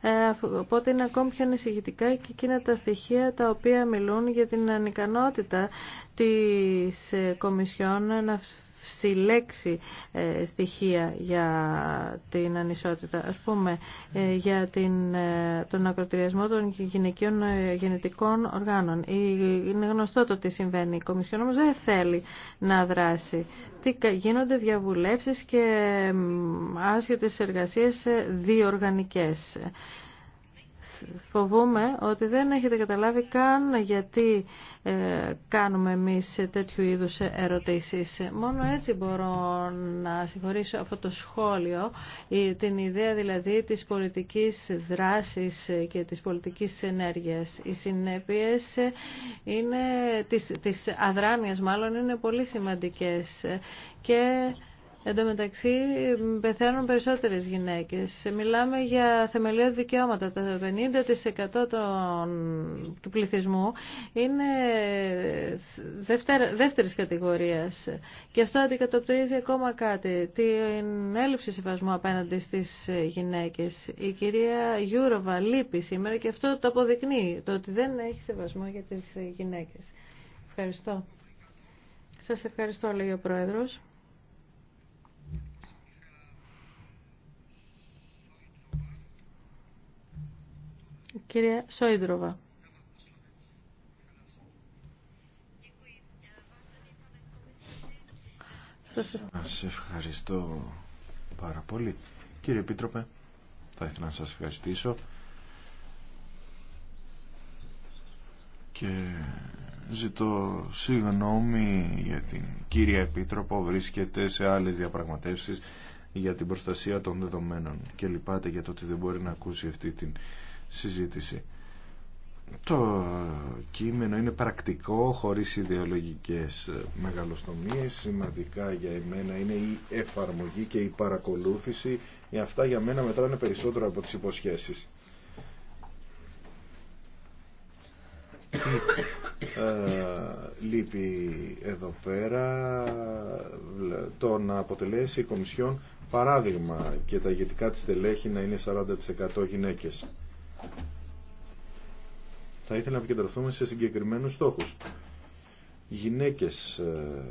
ε, οπότε είναι ακόμη πιο ανησυχητικά και εκείνα τα στοιχεία τα οποία μιλούν για την ανικανότητα της ε, Κομισιόν να συλλέξει ε, στοιχεία για την ανισότητα. Ας πούμε, ε, για την, ε, τον ακροτηριασμό των γυναικείων γενετικών οργάνων. Είναι γνωστό το τι συμβαίνει. Η Κομισιόν όμως δεν θέλει να δράσει. Τι γίνονται διαβουλεύσεις και άσχετες εργασίες διοργανικές φοβούμε ότι δεν έχετε καταλάβει καν γιατί ε, κάνουμε εμείς τέτοιου είδους ερωτήσεις. Μόνο έτσι μπορώ να συγχωρήσω αυτό το σχόλιο, την ιδέα δηλαδή της πολιτικής δράσης και της πολιτικής ενέργειας. Οι συνέπειες είναι, της, της μάλλον είναι πολύ σημαντικές και Εν τω μεταξύ πεθαίνουν περισσότερες γυναίκες. Μιλάμε για θεμελιώδη δικαιώματα. Το 50% των... του πληθυσμού είναι δεύτερη δεύτερης κατηγορίας. Και αυτό αντικατοπτρίζει ακόμα κάτι. Την έλλειψη σεβασμού απέναντι στις γυναίκες. Η κυρία Γιούροβα λείπει σήμερα και αυτό το αποδεικνύει. Το ότι δεν έχει σεβασμό για τις γυναίκες. Ευχαριστώ. Σας ευχαριστώ, λέει ο Πρόεδρος. Κυρία Σόιντροβα. Σας ευχαριστώ πάρα πολύ. Κύριε Επίτροπε, θα ήθελα να σας ευχαριστήσω και ζητώ συγγνώμη για την κύρια Επίτροπο βρίσκεται σε άλλες διαπραγματεύσεις για την προστασία των δεδομένων και λυπάται για το ότι δεν μπορεί να ακούσει αυτή την συζήτηση. Το κείμενο είναι πρακτικό, χωρίς ιδεολογικές ε, μεγαλοστομίες. Σημαντικά για εμένα είναι η εφαρμογή και η παρακολούθηση. Αυτά για μένα μετράνε περισσότερο από τις υποσχέσεις. ε, λείπει εδώ πέρα το να αποτελέσει η Κομισιόν παράδειγμα και τα ηγετικά της τελέχη να είναι 40% γυναίκες. Θα ήθελα να επικεντρωθούμε σε συγκεκριμένους στόχους. Γυναίκες, ε,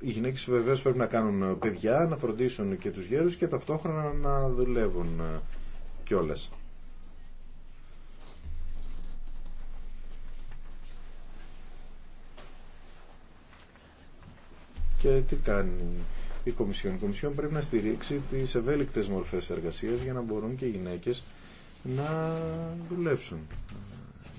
οι γυναίκες βεβαίως πρέπει να κάνουν παιδιά, να φροντίσουν και τους γέρους και ταυτόχρονα να δουλεύουν ε, όλες. Και τι κάνει η Κομισιόν. Η πρέπει να στηρίξει τις ευέλικτες μορφές εργασίας για να μπορούν και οι γυναίκες να δουλέψουν.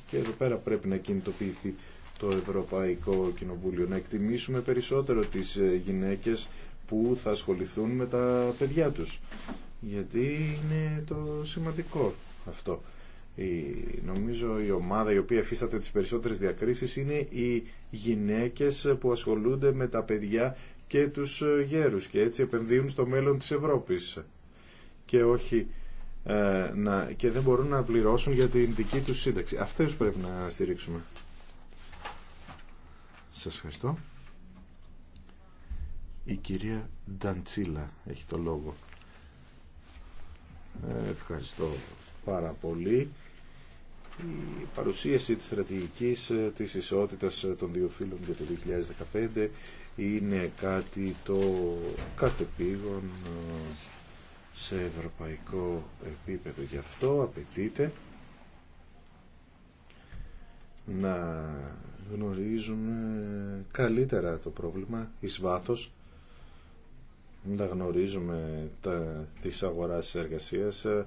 Και εδώ πέρα πρέπει να κινητοποιηθεί το Ευρωπαϊκό Κοινοβούλιο, να εκτιμήσουμε περισσότερο τις ε, γυναίκες που θα ασχοληθούν με τα παιδιά τους. Γιατί είναι το σημαντικό αυτό. Η, νομίζω η ομάδα η οποία εφίσταται τις περισσότερες διακρίσεις είναι οι γυναίκες που ασχολούνται με τα παιδιά και τους ε, γέρους και έτσι επενδύουν στο μέλλον της Ευρώπης και όχι ε, να, και δεν μπορούν να πληρώσουν για την δική τους σύνταξη. Αυτές πρέπει να στηρίξουμε. Σας ευχαριστώ. Η κυρία Νταντσίλα έχει το λόγο. Ε, ευχαριστώ πάρα πολύ. Η παρουσίαση της στρατηγικής ε, της ισότητας ε, των δύο φίλων για το 2015 είναι κάτι το κατεπήγον ε, σε ευρωπαϊκό επίπεδο. Γι' αυτό απαιτείται να γνωρίζουμε καλύτερα το πρόβλημα εις βάθος, να γνωρίζουμε τα, της αγοράς της εργασίας ε,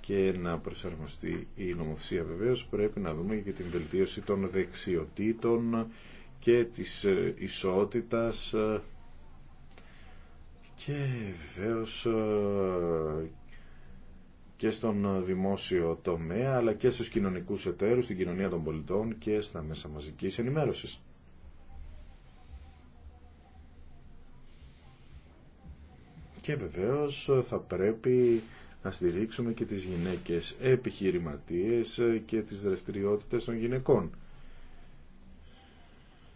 και να προσαρμοστεί η νομοθεσία βεβαίως πρέπει να δούμε και την βελτίωση των δεξιοτήτων και της ε, ισότητας ε, και βεβαίω ε, και στον δημόσιο τομέα αλλά και στους κοινωνικούς εταίρους, στην κοινωνία των πολιτών και στα μέσα μαζικής ενημέρωσης. Και βεβαίως θα πρέπει να στηρίξουμε και τις γυναίκες επιχειρηματίες και τις δραστηριότητες των γυναικών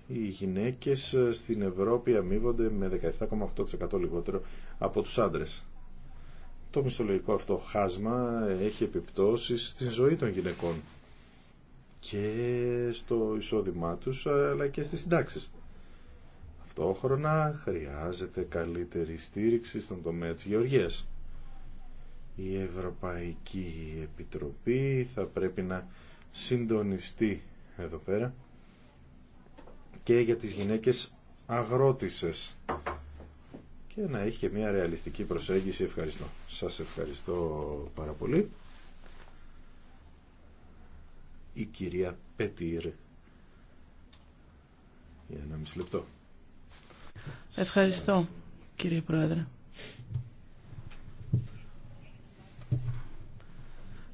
οι γυναίκες ε, στην Ευρώπη αμείβονται με 17,8% λιγότερο από τους άντρες. Το μισθολογικό αυτό χάσμα έχει επιπτώσεις στη ζωή των γυναικών και στο εισόδημά τους αλλά και στις συντάξεις. Αυτόχρονα χρειάζεται καλύτερη στήριξη στον τομέα της γεωργίας. Η Ευρωπαϊκή Επιτροπή θα πρέπει να συντονιστεί εδώ πέρα και για τις γυναίκες αγρότησες και να έχει και μια ρεαλιστική προσέγγιση. Ευχαριστώ. Σας ευχαριστώ πάρα πολύ. Η κυρία Πέτυρ για ένα μισή λεπτό. Ευχαριστώ κύριε Πρόεδρε.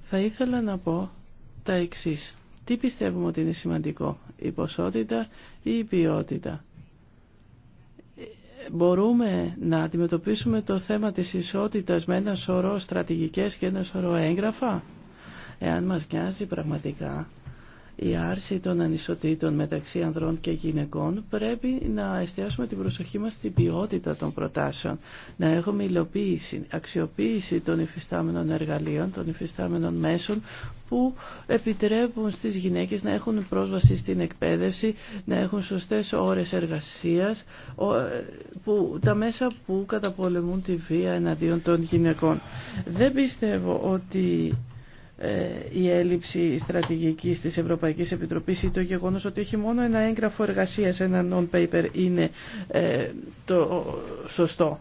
Θα ήθελα να πω τα εξής. Τι πιστεύουμε ότι είναι σημαντικό η ποσότητα ή η ποιότητα. Μπορούμε να αντιμετωπίσουμε το θέμα της ισότητας με ένα σωρό στρατηγικές και ένα σωρό έγγραφα, εάν μας νοιάζει πραγματικά η άρση των ανισοτήτων μεταξύ ανδρών και γυναικών πρέπει να εστιάσουμε την προσοχή μας στην ποιότητα των προτάσεων, να έχουμε υλοποίηση, αξιοποίηση των υφιστάμενων εργαλείων, των υφιστάμενων μέσων που επιτρέπουν στις γυναίκες να έχουν πρόσβαση στην εκπαίδευση, να έχουν σωστές ώρες εργασίας, που, τα μέσα που καταπολεμούν τη βία εναντίον των γυναικών. Δεν πιστεύω ότι ε, η έλλειψη στρατηγικής της Ευρωπαϊκής Επιτροπής ή το γεγονός ότι έχει μόνο ένα έγγραφο εργασίας, ένα non-paper είναι ε, το σωστό.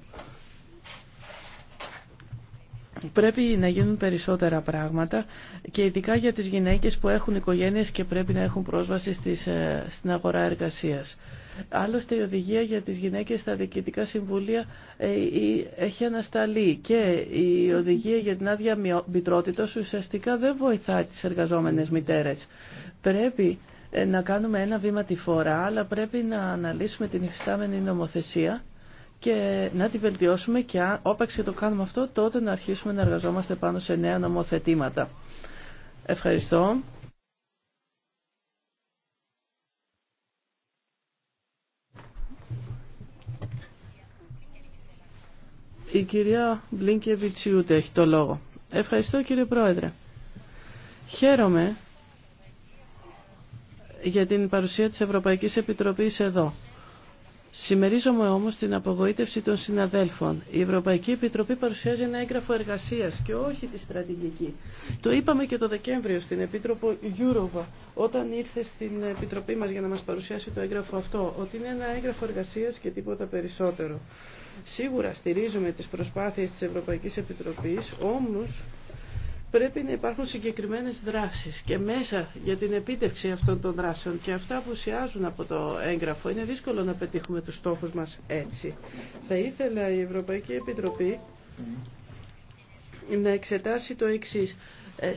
Πρέπει να γίνουν περισσότερα πράγματα και ειδικά για τις γυναίκες που έχουν οικογένειες και πρέπει να έχουν πρόσβαση στις, ε, στην αγορά εργασίας. Άλλωστε η οδηγία για τις γυναίκες στα διοικητικά συμβούλια ε, έχει ανασταλεί και η οδηγία για την άδεια μητρότητας ουσιαστικά δεν βοηθάει τις εργαζόμενες μητέρες. Πρέπει ε, να κάνουμε ένα βήμα τη φορά, αλλά πρέπει να αναλύσουμε την υφιστάμενη νομοθεσία και να τη βελτιώσουμε και αν, όπαξ και το κάνουμε αυτό, τότε να αρχίσουμε να εργαζόμαστε πάνω σε νέα νομοθετήματα. Ευχαριστώ. Η κυρία Μπλίνκεβιτσιούτε έχει το λόγο. Ευχαριστώ κύριε Πρόεδρε. Χαίρομαι για την παρουσία της Ευρωπαϊκής Επιτροπής εδώ. Σημερίζομαι όμως την απογοήτευση των συναδέλφων. Η Ευρωπαϊκή Επιτροπή παρουσιάζει ένα έγγραφο εργασίας και όχι τη στρατηγική. Το είπαμε και το Δεκέμβριο στην Επίτροπο Γιούροβα όταν ήρθε στην Επιτροπή μας για να μας παρουσιάσει το έγγραφο αυτό ότι είναι ένα έγγραφο εργασίας και τίποτα περισσότερο. Σίγουρα στηρίζουμε τις προσπάθειες της Ευρωπαϊκής Επιτροπής, όμως πρέπει να υπάρχουν συγκεκριμένες δράσεις και μέσα για την επίτευξη αυτών των δράσεων και αυτά που ουσιάζουν από το έγγραφο. Είναι δύσκολο να πετύχουμε τους στόχους μας έτσι. Θα ήθελα η Ευρωπαϊκή Επιτροπή να εξετάσει το εξής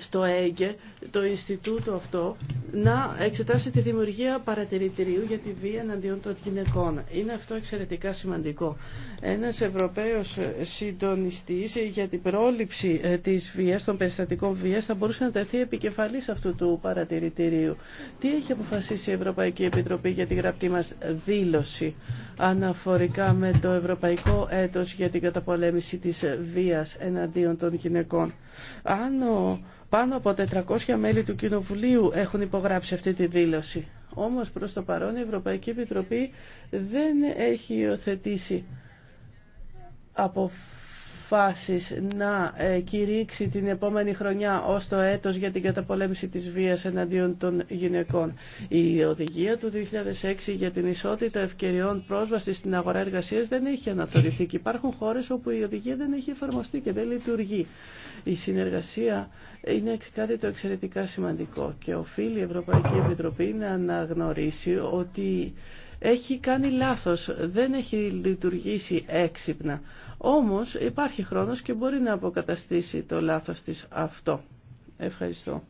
στο ΕΕΓΕ, το Ινστιτούτο αυτό, να εξετάσει τη δημιουργία παρατηρητηρίου για τη βία εναντίον των γυναικών. Είναι αυτό εξαιρετικά σημαντικό. Ένας Ευρωπαίος συντονιστής για την πρόληψη ε, της βίας, των περιστατικών βίας, θα μπορούσε να τεθεί επικεφαλής αυτού του παρατηρητηρίου. Τι έχει αποφασίσει η Ευρωπαϊκή Επιτροπή για τη γραπτή μας δήλωση αναφορικά με το Ευρωπαϊκό έτος για την καταπολέμηση της βίας εναντίον των γυναικών. Άνω, πάνω από 400 μέλη του Κοινοβουλίου έχουν υπογράψει αυτή τη δήλωση. Όμως προς το παρόν η Ευρωπαϊκή Επιτροπή δεν έχει υιοθετήσει αποφάσεις να ε, κηρύξει την επόμενη χρονιά ως το έτος για την καταπολέμηση της βίας εναντίον των γυναικών. Η οδηγία του 2006 για την ισότητα ευκαιριών πρόσβαση στην αγορά εργασίας δεν έχει αναθεωρηθεί και υπάρχουν χώρες όπου η οδηγία δεν έχει εφαρμοστεί και δεν λειτουργεί. Η συνεργασία είναι κάτι το εξαιρετικά σημαντικό και οφείλει η Ευρωπαϊκή Επιτροπή να αναγνωρίσει ότι έχει κάνει λάθος, δεν έχει λειτουργήσει έξυπνα. Όμως υπάρχει χρόνος και μπορεί να αποκαταστήσει το λάθος της αυτό. Ευχαριστώ.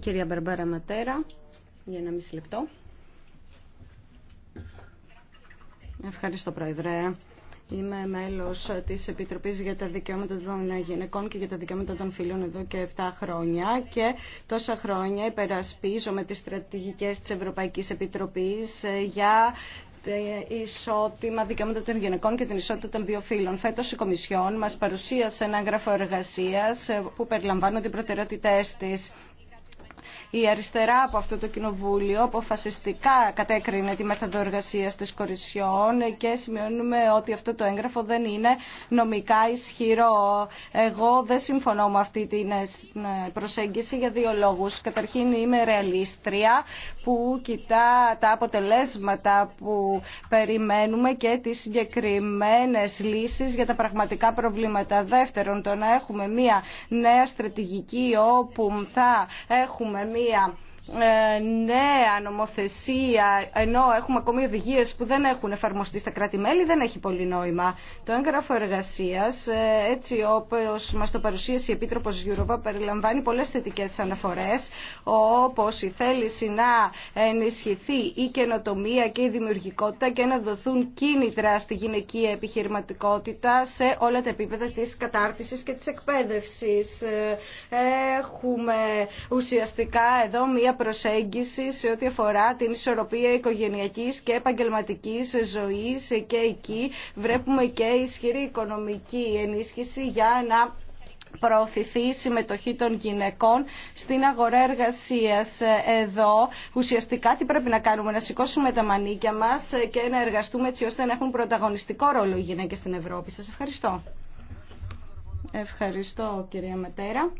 κυρία Μπαρμπάρα Ματέρα, για ένα μισή λεπτό. Ευχαριστώ, Πρόεδρε. Είμαι μέλος της Επιτροπής για τα Δικαιώματα των Γυναικών και για τα Δικαιώματα των Φίλων εδώ και 7 χρόνια και τόσα χρόνια υπερασπίζομαι τις στρατηγικές της Ευρωπαϊκής Επιτροπής ε, για ισότιμα δικαιώματα των γυναικών και την ισότητα των δύο φίλων. Φέτο η Κομισιόν μα παρουσίασε ένα έγγραφο εργασία ε, που περιλαμβάνουν οι προτεραιότητέ τη η αριστερά από αυτό το κοινοβούλιο αποφασιστικά κατέκρινε τη μέθοδο εργασία τη Κορισιόν και σημειώνουμε ότι αυτό το έγγραφο δεν είναι νομικά ισχυρό. Εγώ δεν συμφωνώ με αυτή την προσέγγιση για δύο λόγου. Καταρχήν είμαι ρεαλίστρια που κοιτά τα αποτελέσματα που περιμένουμε και τι συγκεκριμένε λύσει για τα πραγματικά προβλήματα. Δεύτερον, το να έχουμε μία νέα στρατηγική όπου θα έχουμε μία ε, νέα νομοθεσία, ενώ έχουμε ακόμη οδηγίε που δεν έχουν εφαρμοστεί στα κράτη-μέλη, δεν έχει πολύ νόημα. Το έγγραφο εργασία, ε, έτσι όπω μα το παρουσίασε η Επίτροπο Γιούροβα, περιλαμβάνει πολλέ θετικέ αναφορέ, όπω η θέληση να ενισχυθεί η καινοτομία και η δημιουργικότητα και να δοθούν κίνητρα στη γυναική επιχειρηματικότητα σε όλα τα επίπεδα τη κατάρτιση και τη εκπαίδευση. Ε, έχουμε ουσιαστικά εδώ μία προσέγγιση σε ό,τι αφορά την ισορροπία οικογενειακής και επαγγελματικής ζωής και εκεί βρέπουμε και ισχυρή οικονομική ενίσχυση για να προωθηθεί η συμμετοχή των γυναικών στην αγορά εργασίας εδώ. Ουσιαστικά τι πρέπει να κάνουμε, να σηκώσουμε τα μανίκια μας και να εργαστούμε έτσι ώστε να έχουν πρωταγωνιστικό ρόλο οι γυναίκες στην Ευρώπη. Σας ευχαριστώ. Ευχαριστώ κυρία Ματέρα.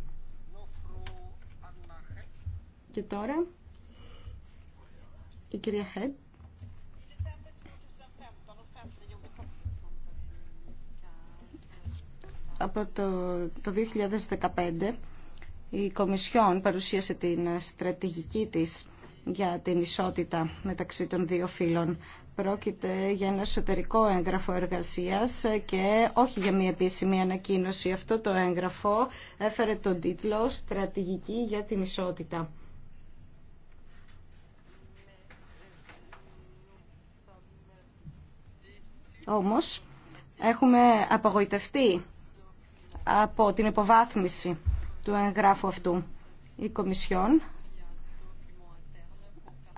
Και τώρα η κυρία Χέντ. Από το, 2015 η Κομισιόν παρουσίασε την στρατηγική της για την ισότητα μεταξύ των δύο φύλων. Πρόκειται για ένα εσωτερικό έγγραφο εργασίας και όχι για μια επίσημη ανακοίνωση. Αυτό το έγγραφο έφερε τον τίτλο «Στρατηγική για την ισότητα». Όμως έχουμε απογοητευτεί από την υποβάθμιση του εγγράφου αυτού. Η Κομισιόν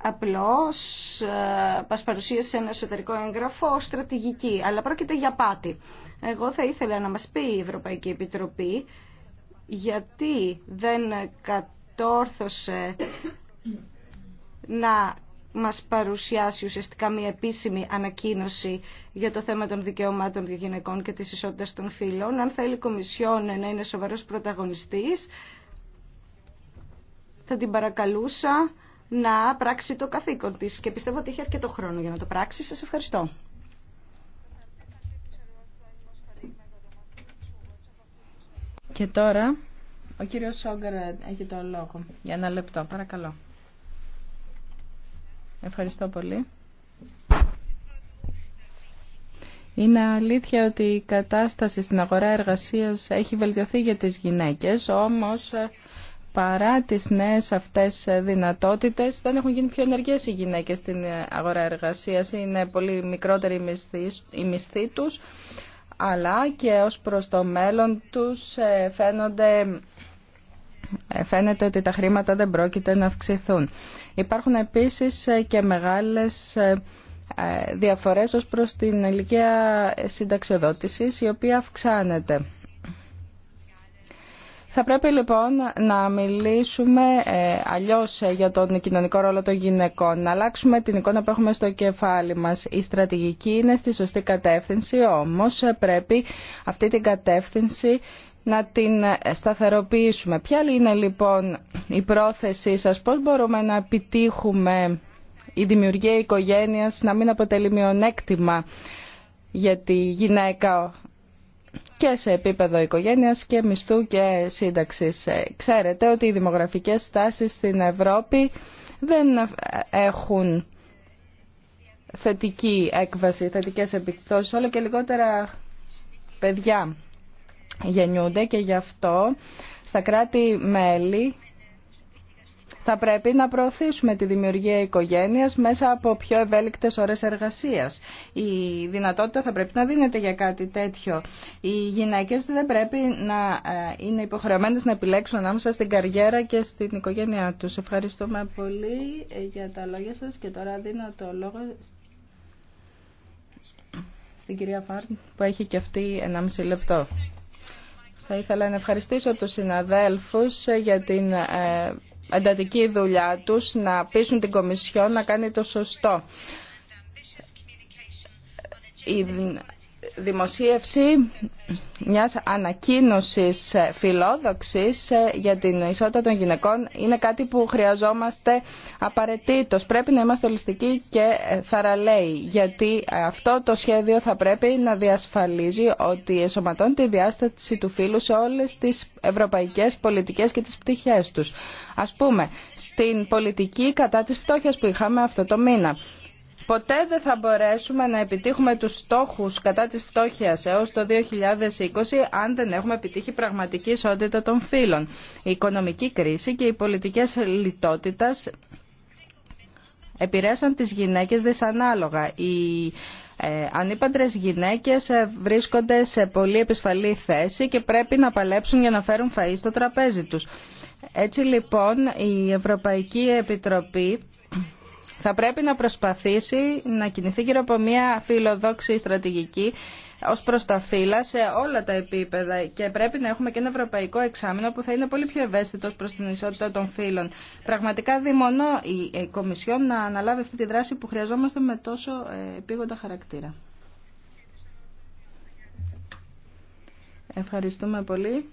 απλώς ε, μας παρουσίασε ένα εσωτερικό έγγραφο στρατηγική, αλλά πρόκειται για πάτη. Εγώ θα ήθελα να μας πει η Ευρωπαϊκή Επιτροπή γιατί δεν κατόρθωσε να μας παρουσιάσει ουσιαστικά μια επίσημη ανακοίνωση για το θέμα των δικαιωμάτων των γυναικών και της ισότητας των φύλων. Αν θέλει η Κομισιόν να είναι σοβαρός πρωταγωνιστής, θα την παρακαλούσα να πράξει το καθήκον της και πιστεύω ότι έχει αρκετό χρόνο για να το πράξει. Σας ευχαριστώ. Και τώρα ο κύριος Σόγκαρ έχει το λόγο για ένα λεπτό. Παρακαλώ. Ευχαριστώ πολύ. Είναι αλήθεια ότι η κατάσταση στην αγορά εργασίας έχει βελτιωθεί για τις γυναίκες, όμως ε, παρά τις νέες αυτές ε, δυνατότητες δεν έχουν γίνει πιο ενεργές οι γυναίκες στην ε, αγορά εργασίας. Είναι πολύ μικρότερη η μισθή τους, αλλά και ως προς το μέλλον τους φαίνονται φαίνεται ότι τα χρήματα δεν πρόκειται να αυξηθούν. Υπάρχουν επίσης και μεγάλες ε, διαφορές ως προς την ηλικία συνταξιοδότησης, η οποία αυξάνεται. Θα πρέπει λοιπόν να μιλήσουμε ε, αλλιώς για τον κοινωνικό ρόλο των γυναικών, να αλλάξουμε την εικόνα που έχουμε στο κεφάλι μας. Η στρατηγική είναι στη σωστή κατεύθυνση, όμως πρέπει αυτή την κατεύθυνση να την σταθεροποιήσουμε. Ποια είναι λοιπόν η πρόθεσή σας, πώς μπορούμε να επιτύχουμε η δημιουργία οικογένειας να μην αποτελεί μειονέκτημα για τη γυναίκα και σε επίπεδο οικογένειας και μισθού και σύνταξης. Ε, ξέρετε ότι οι δημογραφικές τάσεις στην Ευρώπη δεν έχουν θετική έκβαση, θετικές επιπτώσεις, όλο και λιγότερα παιδιά γεννιούνται και γι' αυτό στα κράτη-μέλη θα πρέπει να προωθήσουμε τη δημιουργία οικογένειας μέσα από πιο ευέλικτες ώρες εργασίας. Η δυνατότητα θα πρέπει να δίνεται για κάτι τέτοιο. Οι γυναίκες δεν πρέπει να ε, είναι υποχρεωμένες να επιλέξουν ανάμεσα στην καριέρα και στην οικογένειά τους. Ευχαριστούμε πολύ ε, για τα λόγια σας και τώρα δίνω το λόγο στην κυρία Φάρν που έχει και αυτή 1,5 λεπτό. Θα ήθελα να ευχαριστήσω τους συναδέλφους ε, για την ε, εντατική δουλειά τους να πείσουν την Κομισιό να κάνει το σωστό. Ε, δημοσίευση μιας ανακοίνωσης φιλόδοξης ε, για την ισότητα των γυναικών είναι κάτι που χρειαζόμαστε απαραίτητος. Πρέπει να είμαστε ολιστικοί και θαραλέοι, γιατί αυτό το σχέδιο θα πρέπει να διασφαλίζει ότι εσωματώνει τη διάσταση του φύλου σε όλες τις ευρωπαϊκές πολιτικές και τις πτυχές τους. Ας πούμε, στην πολιτική κατά της φτώχειας που είχαμε αυτό το μήνα, Ποτέ δεν θα μπορέσουμε να επιτύχουμε τους στόχους κατά της φτώχειας έως το 2020 αν δεν έχουμε επιτύχει πραγματική ισότητα των φύλων. Η οικονομική κρίση και οι πολιτικές λιτότητας επηρέασαν τις γυναίκες δυσανάλογα. Οι ε, ανήπαντρες γυναίκες ε, βρίσκονται σε πολύ επισφαλή θέση και πρέπει να παλέψουν για να φέρουν φαΐ στο τραπέζι τους. Έτσι λοιπόν η Ευρωπαϊκή Επιτροπή θα πρέπει να προσπαθήσει να κινηθεί γύρω από μια φιλοδόξη στρατηγική ω προ τα φύλλα σε όλα τα επίπεδα και πρέπει να έχουμε και ένα ευρωπαϊκό εξάμεινο που θα είναι πολύ πιο ευαίσθητο προ την ισότητα των φύλων. Πραγματικά δημονώ η ε, Κομισιόν να αναλάβει αυτή τη δράση που χρειαζόμαστε με τόσο ε, επίγοντα χαρακτήρα. Ευχαριστούμε πολύ.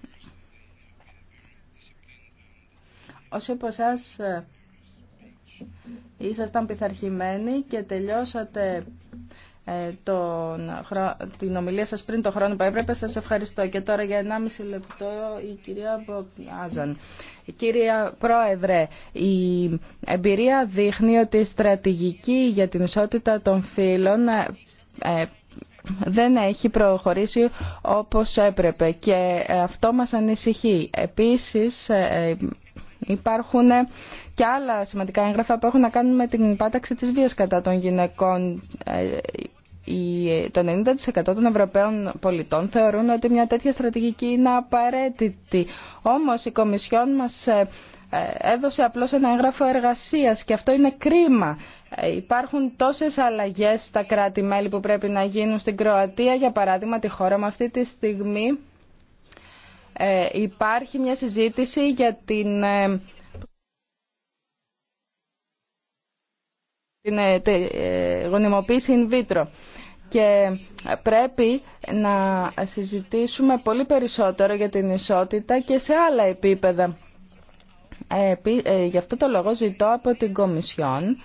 Όσοι από εσάς ε, Ήσασταν πειθαρχημένοι και τελειώσατε ε, τον, την ομιλία σας πριν το χρόνο που έπρεπε. Σας ευχαριστώ. Και τώρα για 1,5 λεπτό η κυρία Μποκνιάζαν. Κύριε Πρόεδρε, η εμπειρία δείχνει ότι η στρατηγική για την ισότητα των φύλων ε, ε, δεν έχει προχωρήσει όπως έπρεπε και αυτό μας ανησυχεί. Επίσης, Υπάρχουν και άλλα σημαντικά έγγραφα που έχουν να κάνουν με την πάταξη της βίας κατά των γυναικών. Ε, το 90% των Ευρωπαίων πολιτών θεωρούν ότι μια τέτοια στρατηγική είναι απαραίτητη. Όμως η Κομισιόν μας ε, ε, έδωσε απλώς ένα έγγραφο εργασίας και αυτό είναι κρίμα. Υπάρχουν τόσες αλλαγές στα κράτη-μέλη που πρέπει να γίνουν στην Κροατία, για παράδειγμα τη χώρα με αυτή τη στιγμή ε, υπάρχει μια συζήτηση για την ε, την ε, γονιμοποίηση in vitro. Και πρέπει να συζητήσουμε πολύ περισσότερο για την ισότητα και σε άλλα επίπεδα. Ε, γι' αυτό το λόγο ζητώ από την Κομισιόν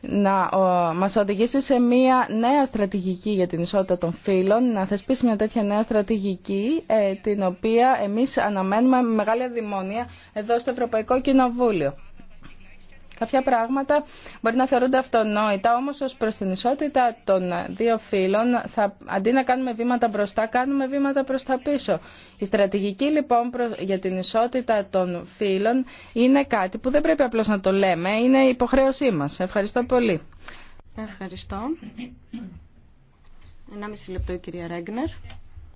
να μας οδηγήσει σε μια νέα στρατηγική για την ισότητα των φύλων, να θεσπίσει μια τέτοια νέα στρατηγική, ε, την οποία εμείς αναμένουμε με μεγάλη αδειμόνια εδώ στο Ευρωπαϊκό Κοινοβούλιο. Κάποια πράγματα μπορεί να θεωρούνται αυτονόητα, όμως ως προς την ισότητα των δύο φύλων, θα, αντί να κάνουμε βήματα μπροστά, κάνουμε βήματα προς τα πίσω. Η στρατηγική λοιπόν για την ισότητα των φύλων είναι κάτι που δεν πρέπει απλώ να το λέμε, είναι η υποχρέωσή μας. Ευχαριστώ πολύ. Ευχαριστώ. μισή λεπτό η κυρία Ρέγκνερ.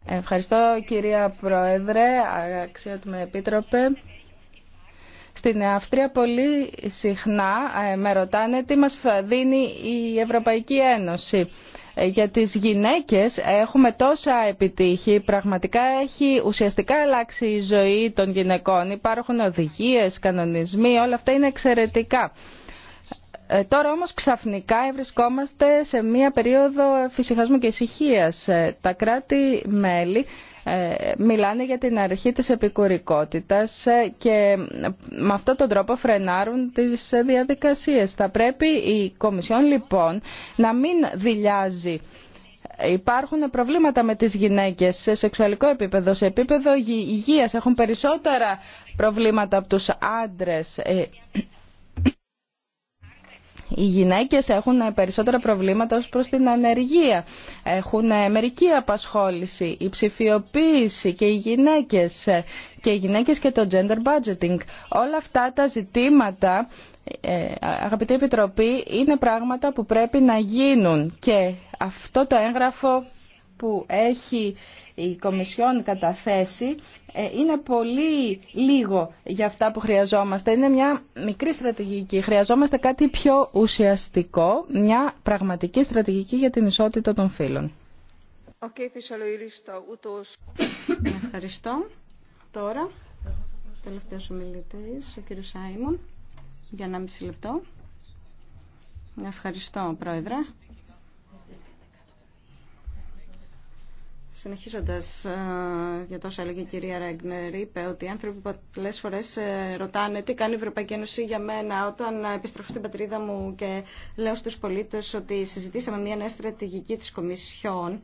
Ευχαριστώ κυρία Πρόεδρε, αξιότιμη επίτροπε. Στην Αυστρία πολύ συχνά ε, με ρωτάνε τι μας δίνει η Ευρωπαϊκή Ένωση. Ε, για τις γυναίκες έχουμε τόσα επιτύχει, πραγματικά έχει ουσιαστικά αλλάξει η ζωή των γυναικών. Υπάρχουν οδηγίες, κανονισμοί, όλα αυτά είναι εξαιρετικά. Ε, τώρα όμως ξαφνικά βρισκόμαστε σε μία περίοδο φυσικασμού και ησυχίας. Τα κράτη-μέλη ε, μιλάνε για την αρχή της επικουρικότητας ε, και με αυτόν τον τρόπο φρενάρουν τις διαδικασίες. Θα πρέπει η Κομισιόν λοιπόν να μην δηλιάζει υπάρχουν προβλήματα με τις γυναίκες σε σεξουαλικό επίπεδο, σε επίπεδο υγείας. Έχουν περισσότερα προβλήματα από τους άντρες. Ε, οι γυναίκες έχουν περισσότερα προβλήματα ως προς την ανεργία, έχουν μερική απασχόληση, η ψηφιοποίηση και οι γυναίκες και οι γυναίκες και το gender budgeting. Όλα αυτά τα ζητήματα, ε, αγαπητή Επιτροπή, είναι πράγματα που πρέπει να γίνουν και αυτό το έγγραφο που έχει η Κομισιόν καταθέσει ε, είναι πολύ λίγο για αυτά που χρειαζόμαστε. Είναι μια μικρή στρατηγική. Χρειαζόμαστε κάτι πιο ουσιαστικό, μια πραγματική στρατηγική για την ισότητα των φύλων. Ευχαριστώ. Τώρα, τελευταίος ομιλητής, ο κύριος Σάιμον, για ένα μισή λεπτό. Ευχαριστώ, Πρόεδρε. Συνεχίζοντα ε, για τόσα έλεγε η κυρία Ρέγκνερ, είπε ότι οι άνθρωποι πολλέ φορέ ε, ρωτάνε τι κάνει η Ευρωπαϊκή Ένωση για μένα όταν επιστρέφω στην πατρίδα μου και λέω στους πολίτε ότι συζητήσαμε μια νέα στρατηγική τη Κομισιόν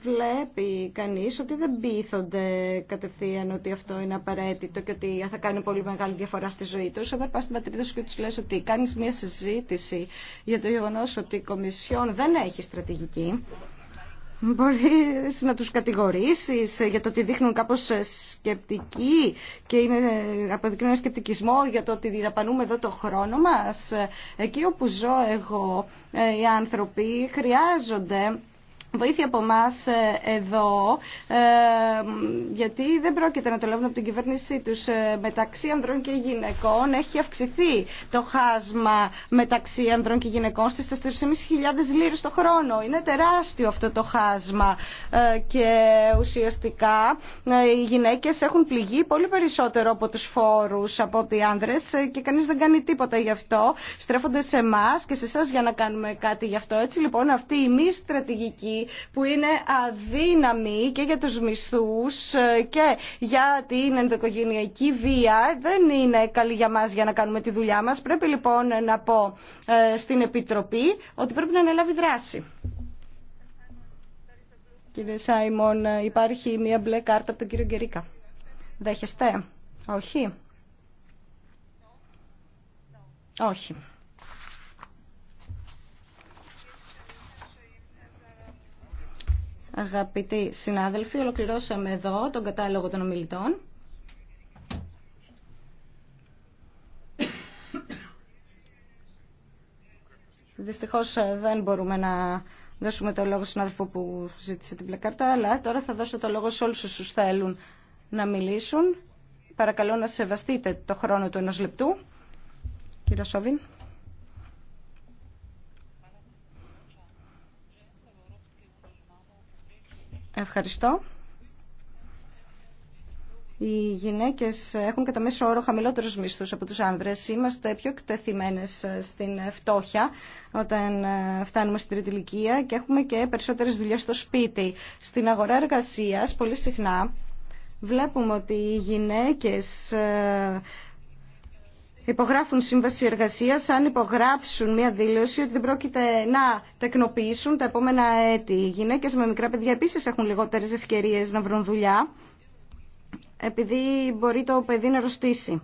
βλέπει κανεί ότι δεν πείθονται κατευθείαν ότι αυτό είναι απαραίτητο και ότι θα κάνει πολύ μεγάλη διαφορά στη ζωή του. Όταν πας στην πατρίδα σου και του λες ότι κάνει μια συζήτηση για το γεγονό ότι η Κομισιόν δεν έχει στρατηγική Μπορεί να τους κατηγορήσεις για το ότι δείχνουν κάπως σκεπτικοί και είναι, αποδεικνύουν σκεπτικισμό για το ότι διδαπανούμε εδώ το χρόνο μας. Εκεί όπου ζω εγώ, ε, οι άνθρωποι χρειάζονται βοήθεια από εμά ε, εδώ, ε, γιατί δεν πρόκειται να το λάβουν από την κυβέρνησή του. Ε, μεταξύ ανδρών και γυναικών έχει αυξηθεί το χάσμα μεταξύ ανδρών και γυναικών στι 4.500 λίρε το χρόνο. Είναι τεράστιο αυτό το χάσμα και ουσιαστικά οι γυναίκε έχουν πληγεί πολύ περισσότερο από του φόρου από ότι οι άνδρε και κανεί δεν κάνει τίποτα γι' αυτό. Στρέφονται σε εμά και σε εσά για να κάνουμε κάτι γι' αυτό. Έτσι λοιπόν αυτή η μη στρατηγική που είναι αδύναμη και για τους μισθούς ε, και για την ενδοκογενειακή βία δεν είναι καλή για μας για να κάνουμε τη δουλειά μας. Πρέπει λοιπόν να πω ε, στην Επιτροπή ότι πρέπει να ανέλαβει δράση. Κύριε Σάιμον, ε, υπάρχει μία μπλε κάρτα από τον κύριο Γκερίκα. Δέχεστε. Όχι. Όχι. Αγαπητοί συνάδελφοι, ολοκληρώσαμε εδώ τον κατάλογο των ομιλητών. Δυστυχώς ε, δεν μπορούμε να δώσουμε το λόγο στον συνάδελφο που ζήτησε την πλακάρτα, αλλά τώρα θα δώσω το λόγο σε όλους όσους θέλουν να μιλήσουν. Παρακαλώ να σεβαστείτε το χρόνο του ενός λεπτού. Κύριε Σόβιν. Ευχαριστώ. Οι γυναίκε έχουν κατά μέσο όρο χαμηλότερου μισθού από του άνδρε. Είμαστε πιο εκτεθειμένε στην φτώχεια όταν ε, φτάνουμε στην τρίτη ηλικία και έχουμε και περισσότερε δουλειέ στο σπίτι. Στην αγορά εργασία, πολύ συχνά βλέπουμε ότι οι γυναίκε ε, υπογράφουν σύμβαση εργασία αν υπογράψουν μια δήλωση ότι δεν πρόκειται να τεκνοποιήσουν τα επόμενα έτη. Οι γυναίκε με μικρά παιδιά επίση έχουν λιγότερε ευκαιρίε να βρουν δουλειά, επειδή μπορεί το παιδί να αρρωστήσει.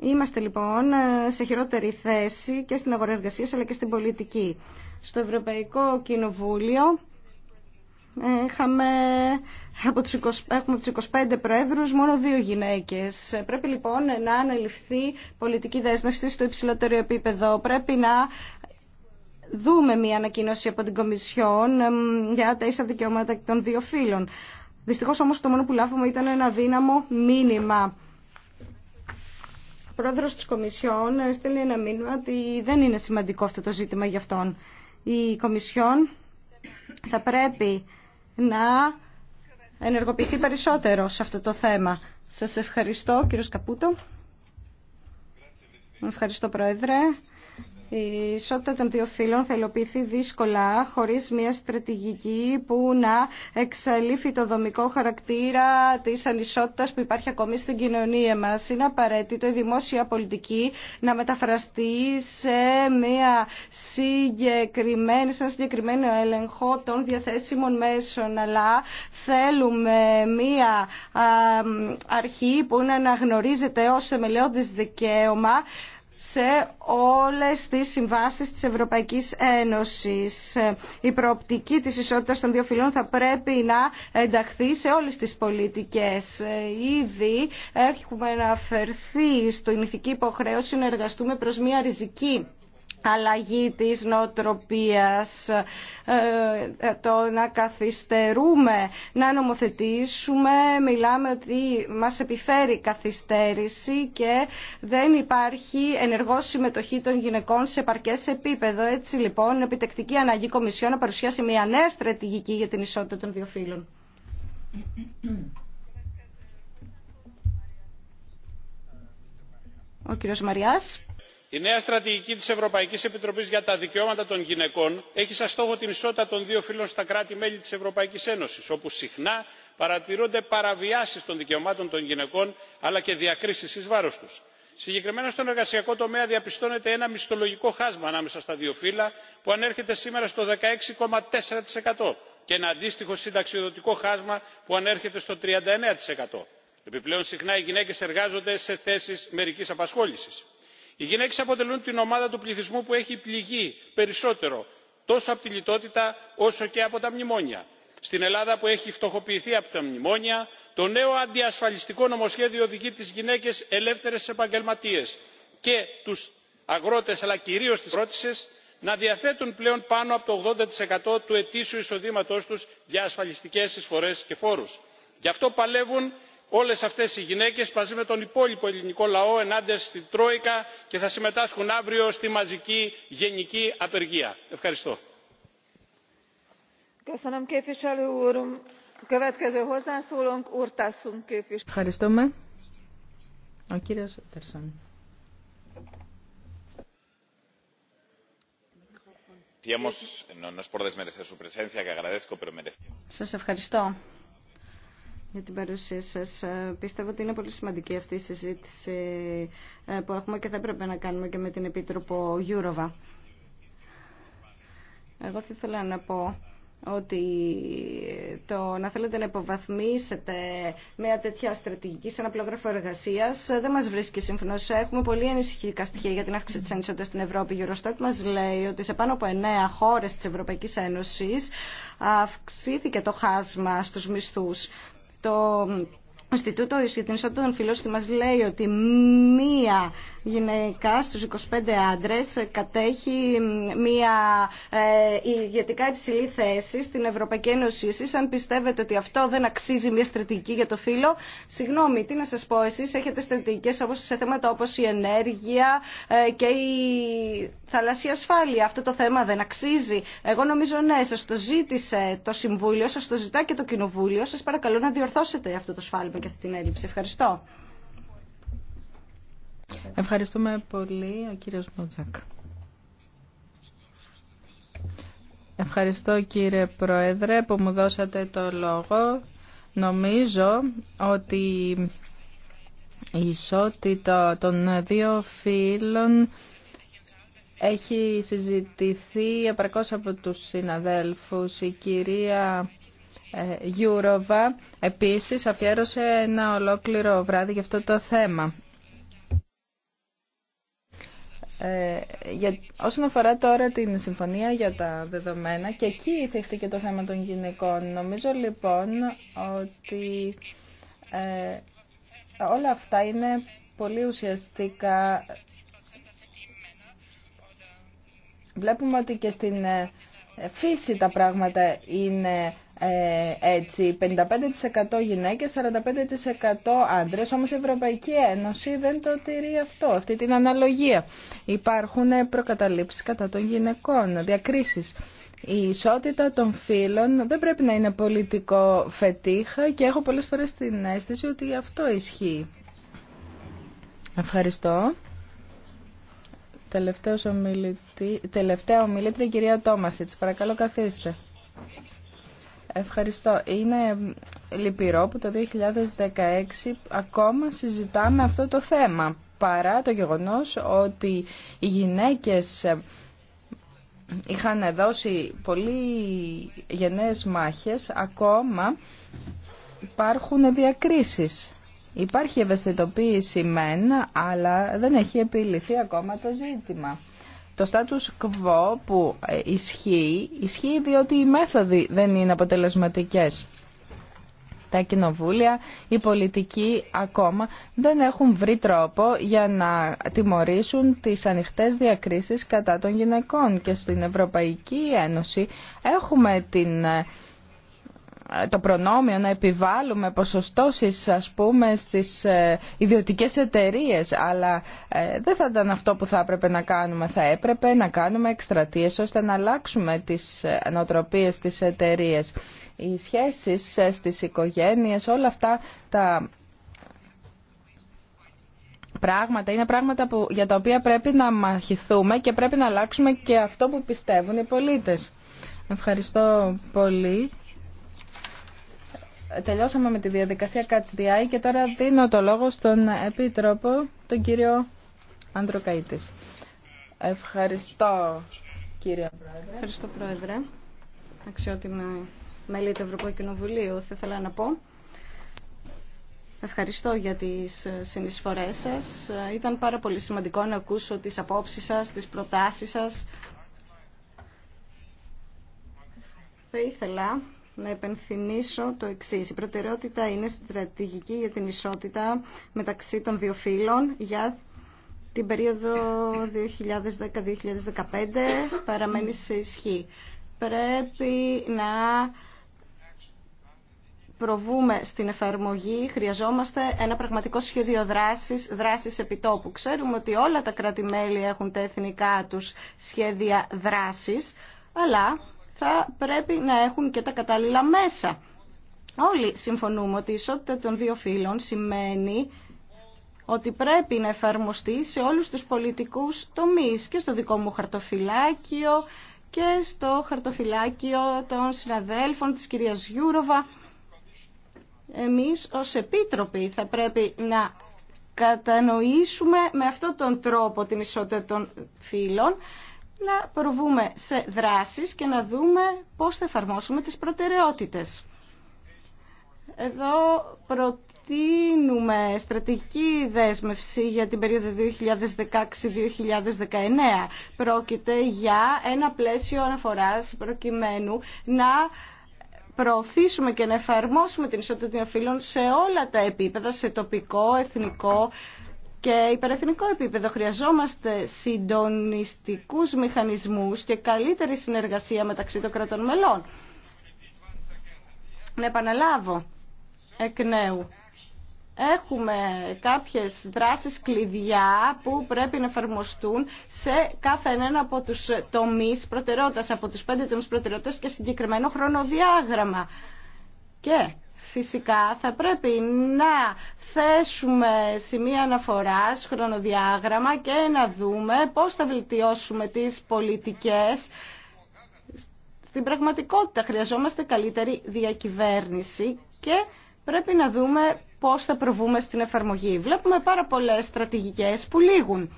Είμαστε λοιπόν σε χειρότερη θέση και στην αγορά εργασία αλλά και στην πολιτική. Στο Ευρωπαϊκό Κοινοβούλιο Είχαμε από τις έχουμε από 25 πρόεδρους μόνο δύο γυναίκες. Πρέπει λοιπόν να αναλυφθεί πολιτική δέσμευση στο υψηλότερο επίπεδο. Πρέπει να δούμε μια ανακοίνωση από την Κομισιόν για τα ίσα δικαιώματα των δύο φίλων. Δυστυχώς όμως το μόνο που λάβαμε ήταν ένα δύναμο μήνυμα. Ο πρόεδρος της Κομισιόν στέλνει ένα μήνυμα ότι δεν είναι σημαντικό αυτό το ζήτημα για αυτόν. Η Κομισιόν θα πρέπει να ενεργοποιηθεί περισσότερο σε αυτό το θέμα. Σας ευχαριστώ, κύριο Καπούτο. Ευχαριστώ, Πρόεδρε. Η ισότητα των δύο φύλων θα υλοποιηθεί δύσκολα χωρίς μια στρατηγική που να εξαλείφει το δομικό χαρακτήρα της ανισότητας που υπάρχει ακόμη στην κοινωνία μας. Είναι απαραίτητο η δημόσια πολιτική να μεταφραστεί σε μια συγκεκριμένη, σε ένα συγκεκριμένο έλεγχο των διαθέσιμων μέσων. Αλλά θέλουμε μια αρχή που να αναγνωρίζεται ως θεμελιώδης δικαίωμα σε όλες τις συμβάσεις της Ευρωπαϊκής Ένωσης. Η προοπτική της ισότητας των δύο φυλών θα πρέπει να ενταχθεί σε όλες τις πολιτικές. Ήδη έχουμε αναφερθεί στην ηθική υποχρέωση να εργαστούμε προς μια ριζική αλλαγή της νοοτροπίας, ε, ε, το να καθυστερούμε, να νομοθετήσουμε. Μιλάμε ότι μας επιφέρει καθυστέρηση και δεν υπάρχει ενεργό συμμετοχή των γυναικών σε παρκές επίπεδο. Έτσι λοιπόν, επιτεκτική αναγκή Κομισιόν να παρουσιάσει μια νέα στρατηγική για την ισότητα των δύο φύλων. Ο κύριος Μαριάς η νέα στρατηγική της ευρωπαϊκής επιτροπής για τα δικαιώματα των γυναικών έχει σαν στόχο την ισότητα των δύο φύλων στα κράτη μέλη της ευρωπαϊκής ένωσης όπου συχνά παρατηρούνται παραβιάσεις των δικαιωμάτων των γυναικών αλλά και διακρίσεις εις βάρος τους. συγκεκριμένα στον εργασιακό τομέα διαπιστώνεται ένα μισθολογικό χάσμα ανάμεσα στα δύο φύλλα που ανέρχεται σήμερα στο 16,4% και ένα αντίστοιχο συνταξιοδοτικό χάσμα που ανέρχεται στο. 39%. επιπλέον συχνά οι γυναίκες εργάζονται σε θέσεις μερικής απασχόλησης οι γυναίκες αποτελούν την ομάδα του πληθυσμού που έχει πληγεί περισσότερο τόσο από τη λιτότητα όσο και από τα μνημόνια. στην ελλάδα που έχει φτωχοποιηθεί από τα μνημόνια το νέο αντιασφαλιστικό νομοσχέδιο οδηγεί τις γυναίκες ελεύθερες επαγγελματίες και τους αγρότες αλλά κυρίως τις αγρότισσες να διαθέτουν πλέον πάνω από το 80% του ετήσιου εισοδήματός τους για ασφαλιστικές εισφορές και φόρους. γι' αυτό παλεύουν όλες αυτές οι γυναίκες μαζί με τον υπόλοιπο ελληνικό λαό ενάντια στην τρόικα και θα συμμετάσχουν αύριο στη μαζική γενική απεργία. ευχαριστώ. Ευχαριστούμε. Ο κύριος Τερσόν. Σας ευχαριστώ για την παρουσία σας. Ε, πιστεύω ότι είναι πολύ σημαντική αυτή η συζήτηση ε, που έχουμε και θα έπρεπε να κάνουμε και με την Επίτροπο Γιούροβα. Εγώ θα ήθελα να πω ότι το να θέλετε να υποβαθμίσετε μια τέτοια στρατηγική σε ένα πλόγραφο εργασία ε, δεν μα βρίσκει σύμφωνο. Έχουμε πολύ ανησυχητικά στοιχεία για την αύξηση τη ανισότητα στην Ευρώπη. Η Eurostat μα λέει ότι σε πάνω από 9 χώρε τη Ευρωπαϊκή Ένωση αυξήθηκε το χάσμα στου μισθού το Ινστιτούτο για την Ισότητα των Φιλόσοφων μας λέει ότι μία γυναίκα στους 25 άντρες κατέχει μία ε, ηγετικά υψηλή θέση στην Ευρωπαϊκή Ένωση. Εσείς αν πιστεύετε ότι αυτό δεν αξίζει μία στρατηγική για το φύλλο, συγγνώμη, τι να σας πω, εσείς έχετε στρατηγικές όπως σε θέματα όπως η ενέργεια ε, και η θαλάσσια ασφάλεια. Αυτό το θέμα δεν αξίζει. Εγώ νομίζω ναι, σας το ζήτησε το Συμβούλιο, σας το ζητά και το Κοινοβούλιο. Σας παρακαλώ να διορθώσετε αυτό το σφάλμα και αυτή την έλλειψη. Ευχαριστώ. Ευχαριστούμε πολύ ο κύριος Ευχαριστώ κύριε Πρόεδρε που μου δώσατε το λόγο. Νομίζω ότι η ισότητα των δύο φίλων έχει συζητηθεί επαρκώς από τους συναδέλφους. Η κυρία ε, Γιούροβα επίσης αφιέρωσε ένα ολόκληρο βράδυ για αυτό το θέμα. Ε, για, όσον αφορά τώρα την συμφωνία για τα δεδομένα και εκεί και το θέμα των γυναικών. Νομίζω λοιπόν ότι ε, όλα αυτά είναι πολύ ουσιαστικά. Βλέπουμε ότι και στην φύση τα πράγματα είναι ε, έτσι 55% γυναίκες, 45% άντρες, όμως η Ευρωπαϊκή Ένωση δεν το τηρεί αυτό, αυτή την αναλογία. Υπάρχουν προκαταλήψεις κατά των γυναικών, διακρίσεις. Η ισότητα των φύλων δεν πρέπει να είναι πολιτικό φετίχα και έχω πολλές φορές την αίσθηση ότι αυτό ισχύει. Ευχαριστώ. τελευταία ομιλήτρια κυρία Τόμασιτς. Παρακαλώ καθίστε. Ευχαριστώ. Είναι λυπηρό που το 2016 ακόμα συζητάμε αυτό το θέμα παρά το γεγονός ότι οι γυναίκες είχαν δώσει πολύ γενναίες μάχες ακόμα υπάρχουν διακρίσεις. Υπάρχει ευαισθητοποίηση μεν, αλλά δεν έχει επιληθεί ακόμα το ζήτημα. Το status quo που ε, ισχύει, ισχύει διότι οι μέθοδοι δεν είναι αποτελεσματικές. Τα κοινοβούλια, οι πολιτικοί ακόμα δεν έχουν βρει τρόπο για να τιμωρήσουν τις ανοιχτές διακρίσεις κατά των γυναικών. Και στην Ευρωπαϊκή Ένωση έχουμε την ε, το προνόμιο να επιβάλλουμε ποσοστώσεις ας πούμε στις ε, ιδιωτικές εταιρείες αλλά ε, δεν θα ήταν αυτό που θα έπρεπε να κάνουμε θα έπρεπε να κάνουμε εκστρατείες ώστε να αλλάξουμε τις ε, νοοτροπίες της εταιρείες οι σχέσεις στις οικογένειες όλα αυτά τα πράγματα είναι πράγματα που, για τα οποία πρέπει να μαχηθούμε και πρέπει να αλλάξουμε και αυτό που πιστεύουν οι πολίτες Ευχαριστώ πολύ Τελειώσαμε με τη διαδικασία eye και τώρα δίνω το λόγο στον Επίτροπο, τον κύριο Καϊτής. Ευχαριστώ, κύριε Πρόεδρε. Ευχαριστώ, Πρόεδρε. Αξιότιμα μέλη του Ευρωπαϊκού Κοινοβουλίου, θα ήθελα να πω. Ευχαριστώ για τις συνεισφορές σας. Ήταν πάρα πολύ σημαντικό να ακούσω τις απόψεις σας, τις προτάσεις σας. Θα ήθελα να επενθυμίσω το εξή. Η προτεραιότητα είναι στρατηγική για την ισότητα μεταξύ των δύο φύλων για την περίοδο 2010-2015 παραμένει σε ισχύ. Πρέπει να προβούμε στην εφαρμογή, χρειαζόμαστε ένα πραγματικό σχέδιο δράσης, δράσης επιτόπου. Ξέρουμε ότι όλα τα κρατη έχουν τα εθνικά τους σχέδια δράσης, αλλά θα πρέπει να έχουν και τα κατάλληλα μέσα. Όλοι συμφωνούμε ότι η ισότητα των δύο φύλων σημαίνει ότι πρέπει να εφαρμοστεί σε όλους τους πολιτικούς τομείς και στο δικό μου χαρτοφυλάκιο και στο χαρτοφυλάκιο των συναδέλφων της κυρίας Γιούροβα. Εμείς ως Επίτροποι θα πρέπει να κατανοήσουμε με αυτόν τον τρόπο την ισότητα των φύλων να προβούμε σε δράσεις και να δούμε πώς θα εφαρμόσουμε τις προτεραιότητες. Εδώ προτείνουμε στρατηγική δέσμευση για την περίοδο 2016-2019. Πρόκειται για ένα πλαίσιο αναφοράς προκειμένου να προωθήσουμε και να εφαρμόσουμε την ισότητα των φύλων σε όλα τα επίπεδα, σε τοπικό, εθνικό, και υπερεθνικό επίπεδο. Χρειαζόμαστε συντονιστικούς μηχανισμούς και καλύτερη συνεργασία μεταξύ των κρατών μελών. Να επαναλάβω εκ νέου. Έχουμε κάποιες δράσεις κλειδιά που πρέπει να εφαρμοστούν σε κάθε ένα από τους τομείς προτεραιότητας, από τους πέντε τομείς προτεραιότητας και συγκεκριμένο χρονοδιάγραμμα. Και Φυσικά θα πρέπει να θέσουμε σημεία αναφοράς, χρονοδιάγραμμα και να δούμε πώς θα βελτιώσουμε τις πολιτικές. Στην πραγματικότητα χρειαζόμαστε καλύτερη διακυβέρνηση και πρέπει να δούμε πώς θα προβούμε στην εφαρμογή. Βλέπουμε πάρα πολλές στρατηγικές που λήγουν.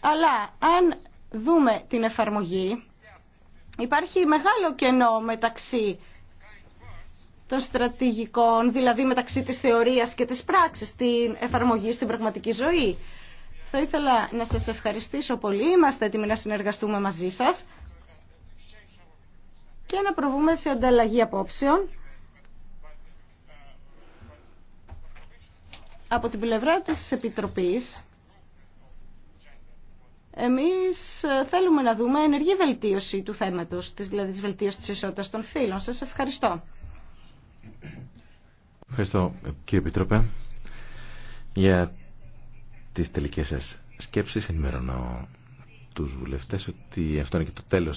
Αλλά αν δούμε την εφαρμογή, υπάρχει μεγάλο κενό μεταξύ των στρατηγικών, δηλαδή μεταξύ της θεωρίας και της πράξης, την εφαρμογή στην πραγματική ζωή. Θα ήθελα να σας ευχαριστήσω πολύ. Είμαστε έτοιμοι να συνεργαστούμε μαζί σας και να προβούμε σε ανταλλαγή απόψεων από την πλευρά της Επιτροπής. Εμείς θέλουμε να δούμε ενεργή βελτίωση του θέματος, δηλαδή της βελτίωσης της ισότητας των φύλων. Σας ευχαριστώ. Ευχαριστώ κύριε Επιτρόπε για τις τελικές σας σκέψεις. Ενημερώνω τους βουλευτές ότι αυτό είναι και το τέλος